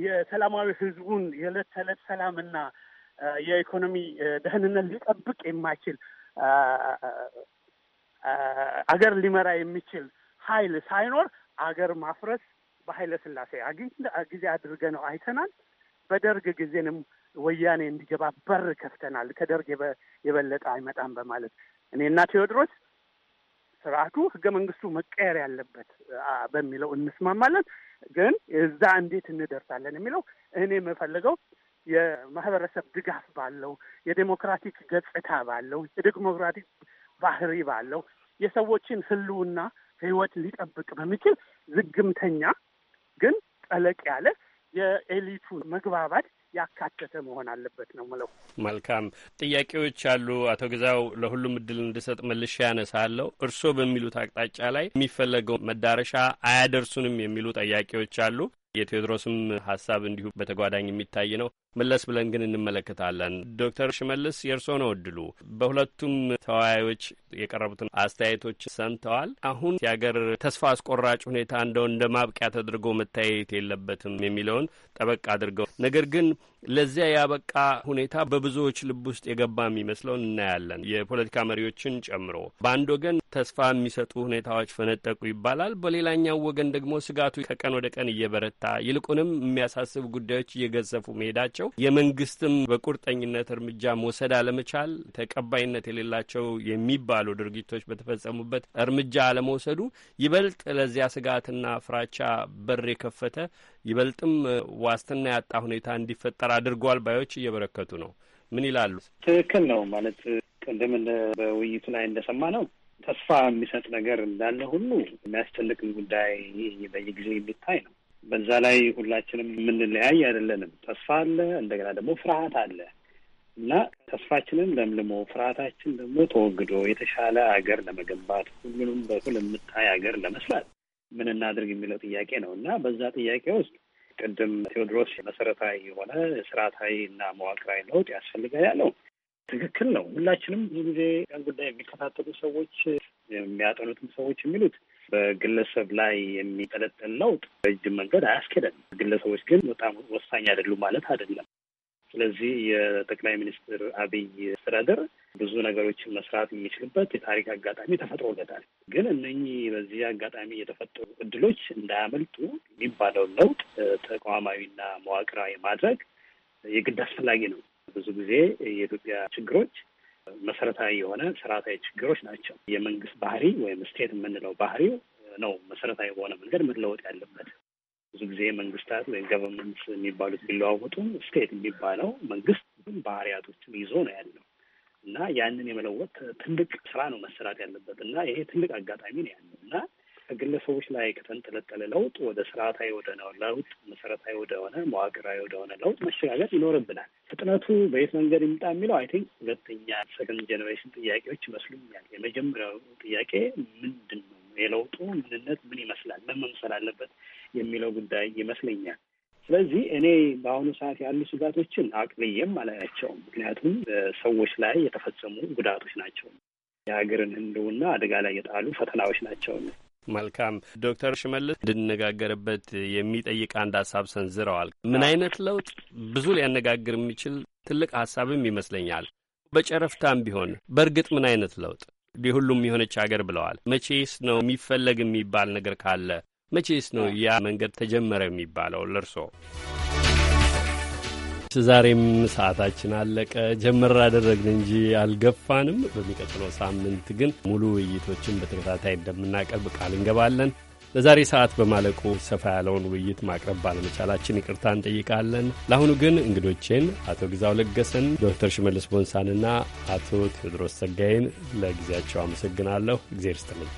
የሰላማዊ ህዝቡን የዕለት ተዕለት ሰላምና የኢኮኖሚ ደህንነት ሊጠብቅ የማይችል አገር ሊመራ የሚችል ኃይል ሳይኖር አገር ማፍረስ በኃይለ አግኝ ጊዜ አድርገ ነው አይተናል። በደርግ ጊዜንም ወያኔ እንዲገባ በር ከፍተናል። ከደርግ የበለጠ አይመጣም በማለት እኔና ቴዎድሮስ ስርዓቱ ህገ መንግስቱ መቀየር ያለበት በሚለው እንስማማለን። ግን እዛ እንዴት እንደርሳለን የሚለው እኔ የምፈልገው የማህበረሰብ ድጋፍ ባለው የዴሞክራቲክ ገጽታ ባለው የዴሞክራቲክ ባህሪ ባለው የሰዎችን ህልውና ህይወት ሊጠብቅ በሚችል ዝግምተኛ ግን ጠለቅ ያለ የኤሊቱ መግባባት ያካተተ መሆን አለበት ነው ምለው። መልካም ጥያቄዎች አሉ። አቶ ግዛው ለሁሉም እድል እንድሰጥ መልሻ ያነሳለሁ። እርስዎ በሚሉት አቅጣጫ ላይ የሚፈለገው መዳረሻ አያደርሱንም የሚሉ ጥያቄዎች አሉ። የቴዎድሮስም ሀሳብ እንዲሁ በተጓዳኝ የሚታይ ነው። መለስ ብለን ግን እንመለከታለን። ዶክተር ሽመልስ የእርስዎ ነው እድሉ። በሁለቱም ተወያዮች የቀረቡትን አስተያየቶች ሰምተዋል። አሁን የአገር ተስፋ አስቆራጭ ሁኔታ እንደው እንደ ማብቂያ ተደርጎ መታየት የለበትም የሚለውን ጠበቅ አድርገው፣ ነገር ግን ለዚያ ያበቃ ሁኔታ በብዙዎች ልብ ውስጥ የገባ የሚመስለውን እናያለን፣ የፖለቲካ መሪዎችን ጨምሮ። በአንድ ወገን ተስፋ የሚሰጡ ሁኔታዎች ፈነጠቁ ይባላል። በሌላኛው ወገን ደግሞ ስጋቱ ከቀን ወደ ቀን እየበረታ ይልቁንም የሚያሳስቡ ጉዳዮች እየገዘፉ መሄዳቸው ናቸው። የመንግስትም በቁርጠኝነት እርምጃ መውሰድ አለመቻል፣ ተቀባይነት የሌላቸው የሚባሉ ድርጊቶች በተፈጸሙበት እርምጃ አለመውሰዱ ይበልጥ ለዚያ ስጋትና ፍራቻ በር የከፈተ ይበልጥም ዋስትና ያጣ ሁኔታ እንዲፈጠር አድርጓል ባዮች እየበረከቱ ነው። ምን ይላሉ? ትክክል ነው ማለት ቅድም በውይይቱ ላይ እንደሰማ ነው ተስፋ የሚሰጥ ነገር እንዳለ ሁሉ የሚያስጨንቅም ጉዳይ በየጊዜው የሚታይ ነው። በዛ ላይ ሁላችንም የምንለያይ አይደለንም። ተስፋ አለ፣ እንደገና ደግሞ ፍርሃት አለ እና ተስፋችንን ለምልሞ ፍርሃታችን ደግሞ ተወግዶ የተሻለ ሀገር ለመገንባት ሁሉንም በኩል የምታይ አገር ለመስራት ምን እናድርግ የሚለው ጥያቄ ነው እና በዛ ጥያቄ ውስጥ ቅድም ቴዎድሮስ መሰረታዊ የሆነ ስርዓታዊ እና መዋቅራዊ ለውጥ ያስፈልጋል ያለው ትክክል ነው። ሁላችንም ብዙ ጊዜ ያን ጉዳይ የሚከታተሉ ሰዎች የሚያጠኑትም ሰዎች የሚሉት በግለሰብ ላይ የሚጠለጠል ለውጥ ረጅም መንገድ አያስኬደም። ግለሰቦች ግን በጣም ወሳኝ አይደሉም ማለት አይደለም። ስለዚህ የጠቅላይ ሚኒስትር አብይ አስተዳደር ብዙ ነገሮችን መስራት የሚችልበት የታሪክ አጋጣሚ ተፈጥሮለታል። ግን እነኚህ በዚህ አጋጣሚ የተፈጠሩ እድሎች እንዳያመልጡ የሚባለውን ለውጥ ተቋማዊና መዋቅራዊ ማድረግ የግድ አስፈላጊ ነው። ብዙ ጊዜ የኢትዮጵያ ችግሮች መሰረታዊ የሆነ ስርዓታዊ ችግሮች ናቸው። የመንግስት ባህሪ ወይም ስቴት የምንለው ባህሪው ነው መሰረታዊ በሆነ መንገድ መለወጥ ያለበት። ብዙ ጊዜ መንግስታት ወይም ገቨርንመንት የሚባሉት ቢለዋወጡም ስቴት የሚባለው መንግስት ብዙም ባህሪያቶችን ይዞ ነው ያለው እና ያንን የመለወጥ ትልቅ ስራ ነው መሰራት ያለበት እና ይሄ ትልቅ አጋጣሚ ነው ያለው እና ከግለሰቦች ላይ ከተንጠለጠለ ለውጥ ወደ ስርዓታዊ ነው ለውጥ፣ መሰረታዊ ወደሆነ መዋቅራዊ ወደሆነ ለውጥ መሸጋገር ይኖርብናል። ፍጥነቱ በየት መንገድ ይምጣ የሚለው አይ ቲንክ ሁለተኛ ሰከንድ ጀኔሬሽን ጥያቄዎች ይመስሉኛል። የመጀመሪያው ጥያቄ ምንድን ነው የለውጡ ምንነት ምን ይመስላል፣ ምን መምሰል አለበት የሚለው ጉዳይ ይመስለኛል። ስለዚህ እኔ በአሁኑ ሰዓት ያሉ ስጋቶችን አቅልዬም አላያቸውም። ምክንያቱም ሰዎች ላይ የተፈጸሙ ጉዳቶች ናቸው፣ የሀገርን ሕልውና አደጋ ላይ የጣሉ ፈተናዎች ናቸው። መልካም ዶክተር ሽመልስ እንድንነጋገርበት የሚጠይቅ አንድ ሀሳብ ሰንዝረዋል። ምን አይነት ለውጥ ብዙ ሊያነጋግር የሚችል ትልቅ ሀሳብም ይመስለኛል። በጨረፍታም ቢሆን በእርግጥ ምን አይነት ለውጥ ሁሉም የሆነች አገር ብለዋል። መቼስ ነው የሚፈለግ የሚባል ነገር ካለ መቼስ ነው ያ መንገድ ተጀመረ የሚባለው ለእርሶ? ዛሬም ሰዓታችን አለቀ። ጀመር አደረግን እንጂ አልገፋንም። በሚቀጥለው ሳምንት ግን ሙሉ ውይይቶችን በተከታታይ እንደምናቀርብ ቃል እንገባለን። ለዛሬ ሰዓት በማለቁ ሰፋ ያለውን ውይይት ማቅረብ ባለመቻላችን ይቅርታ እንጠይቃለን። ለአሁኑ ግን እንግዶቼን አቶ ግዛው ለገሰን፣ ዶክተር ሽመልስ ቦንሳንና አቶ ቴዎድሮስ ጸጋይን ለጊዜያቸው አመሰግናለሁ። እግዜር ይስጥልኝ።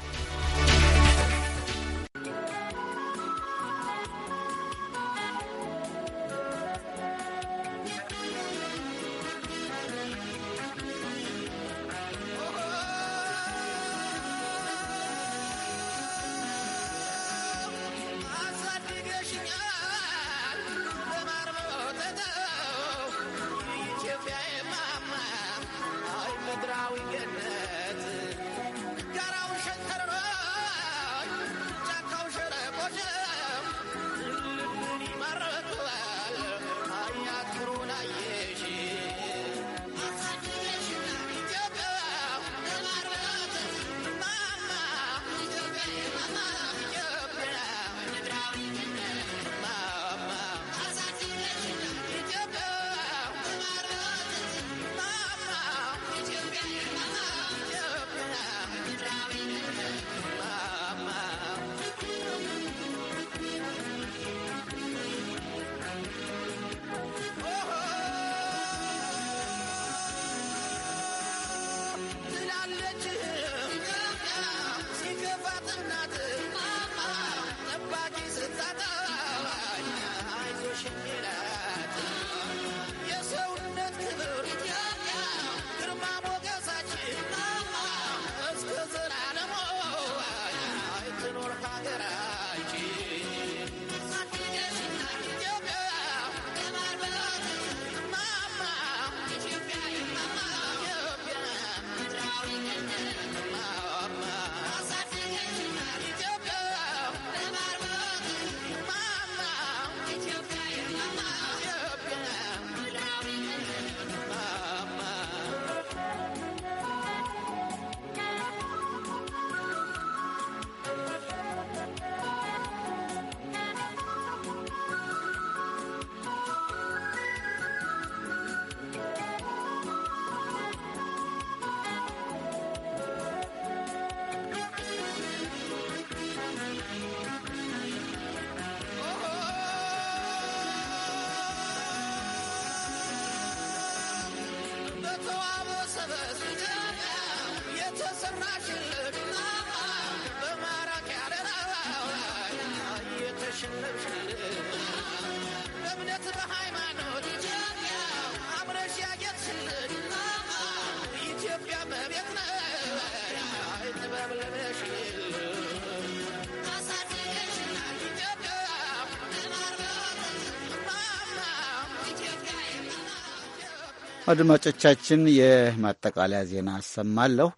አድማጮቻችን የማጠቃለያ ዜና አሰማለሁ።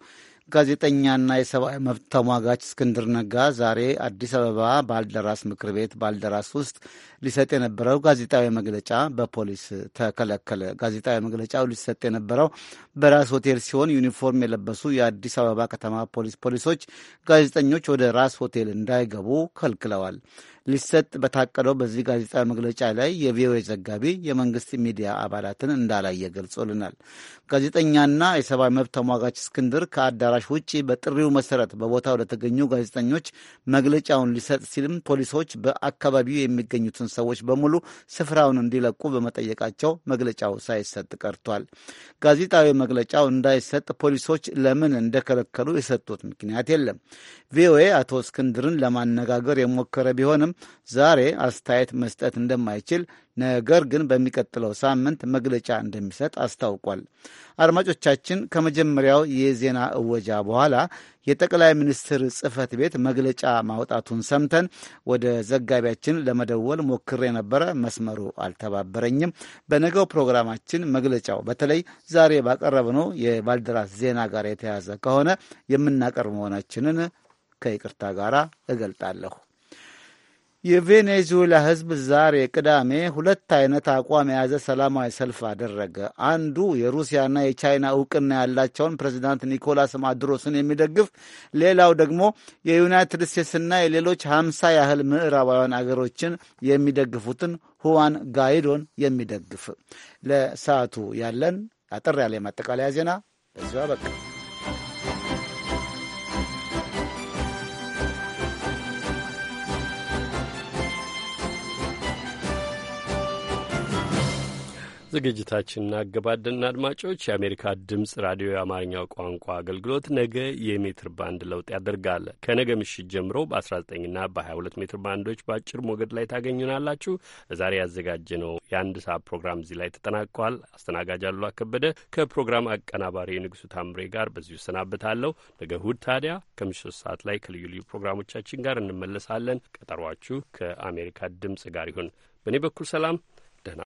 ጋዜጠኛና የሰብአዊ መብት ተሟጋች እስክንድር ነጋ ዛሬ አዲስ አበባ ባልደራስ ምክር ቤት ባልደራስ ውስጥ ሊሰጥ የነበረው ጋዜጣዊ መግለጫ በፖሊስ ተከለከለ። ጋዜጣዊ መግለጫው ሊሰጥ የነበረው በራስ ሆቴል ሲሆን ዩኒፎርም የለበሱ የአዲስ አበባ ከተማ ፖሊስ ፖሊሶች ጋዜጠኞች ወደ ራስ ሆቴል እንዳይገቡ ከልክለዋል። ሊሰጥ በታቀደው በዚህ ጋዜጣዊ መግለጫ ላይ የቪኦኤ ዘጋቢ የመንግስት ሚዲያ አባላትን እንዳላየ ገልጾልናል። ጋዜጠኛና የሰብአዊ መብት ተሟጋች እስክንድር ከአዳራሽ ውጭ በጥሪው መሰረት በቦታው ለተገኙ ጋዜጠኞች መግለጫውን ሊሰጥ ሲልም ፖሊሶች በአካባቢው የሚገኙትን ሰዎች በሙሉ ስፍራውን እንዲለቁ በመጠየቃቸው መግለጫው ሳይሰጥ ቀርቷል። ጋዜጣዊ መግለጫው እንዳይሰጥ ፖሊሶች ለምን እንደከለከሉ የሰጡት ምክንያት የለም። ቪኦኤ አቶ እስክንድርን ለማነጋገር የሞከረ ቢሆንም ዛሬ አስተያየት መስጠት እንደማይችል ነገር ግን በሚቀጥለው ሳምንት መግለጫ እንደሚሰጥ አስታውቋል። አድማጮቻችን፣ ከመጀመሪያው የዜና እወጃ በኋላ የጠቅላይ ሚኒስትር ጽህፈት ቤት መግለጫ ማውጣቱን ሰምተን ወደ ዘጋቢያችን ለመደወል ሞክሬ ነበረ። መስመሩ አልተባበረኝም። በነገው ፕሮግራማችን መግለጫው በተለይ ዛሬ ባቀረብነው የባልደራስ ዜና ጋር የተያዘ ከሆነ የምናቀርብ መሆናችንን ከይቅርታ ጋር እገልጣለሁ። የቬኔዙዌላ ሕዝብ ዛሬ ቅዳሜ ሁለት አይነት አቋም የያዘ ሰላማዊ ሰልፍ አደረገ። አንዱ የሩሲያና የቻይና እውቅና ያላቸውን ፕሬዚዳንት ኒኮላስ ማድሮስን የሚደግፍ፣ ሌላው ደግሞ የዩናይትድ ስቴትስና የሌሎች ሀምሳ ያህል ምዕራባውያን አገሮችን የሚደግፉትን ሁዋን ጋይዶን የሚደግፍ። ለሰዓቱ ያለን አጠር ያለ የማጠቃለያ ዜና በዚሁ አበቃ። ዝግጅታችን አገባደን አድማጮች፣ የአሜሪካ ድምፅ ራዲዮ የአማርኛው ቋንቋ አገልግሎት ነገ የሜትር ባንድ ለውጥ ያደርጋል። ከነገ ምሽት ጀምሮ በ19ና በ22 ሜትር ባንዶች በአጭር ሞገድ ላይ ታገኙናላችሁ። ለዛሬ ያዘጋጀነው ነው የአንድ ሰዓት ፕሮግራም እዚህ ላይ ተጠናቋል። አስተናጋጅ አሉ አከበደ ከፕሮግራም አቀናባሪ ንጉሱ ታምሬ ጋር በዚሁ እሰናበታለሁ። ነገ እሁድ ታዲያ ከምሽት ሰዓት ላይ ከልዩ ልዩ ፕሮግራሞቻችን ጋር እንመለሳለን። ቀጠሯችሁ ከአሜሪካ ድምፅ ጋር ይሁን። በእኔ በኩል ሰላም፣ ደህና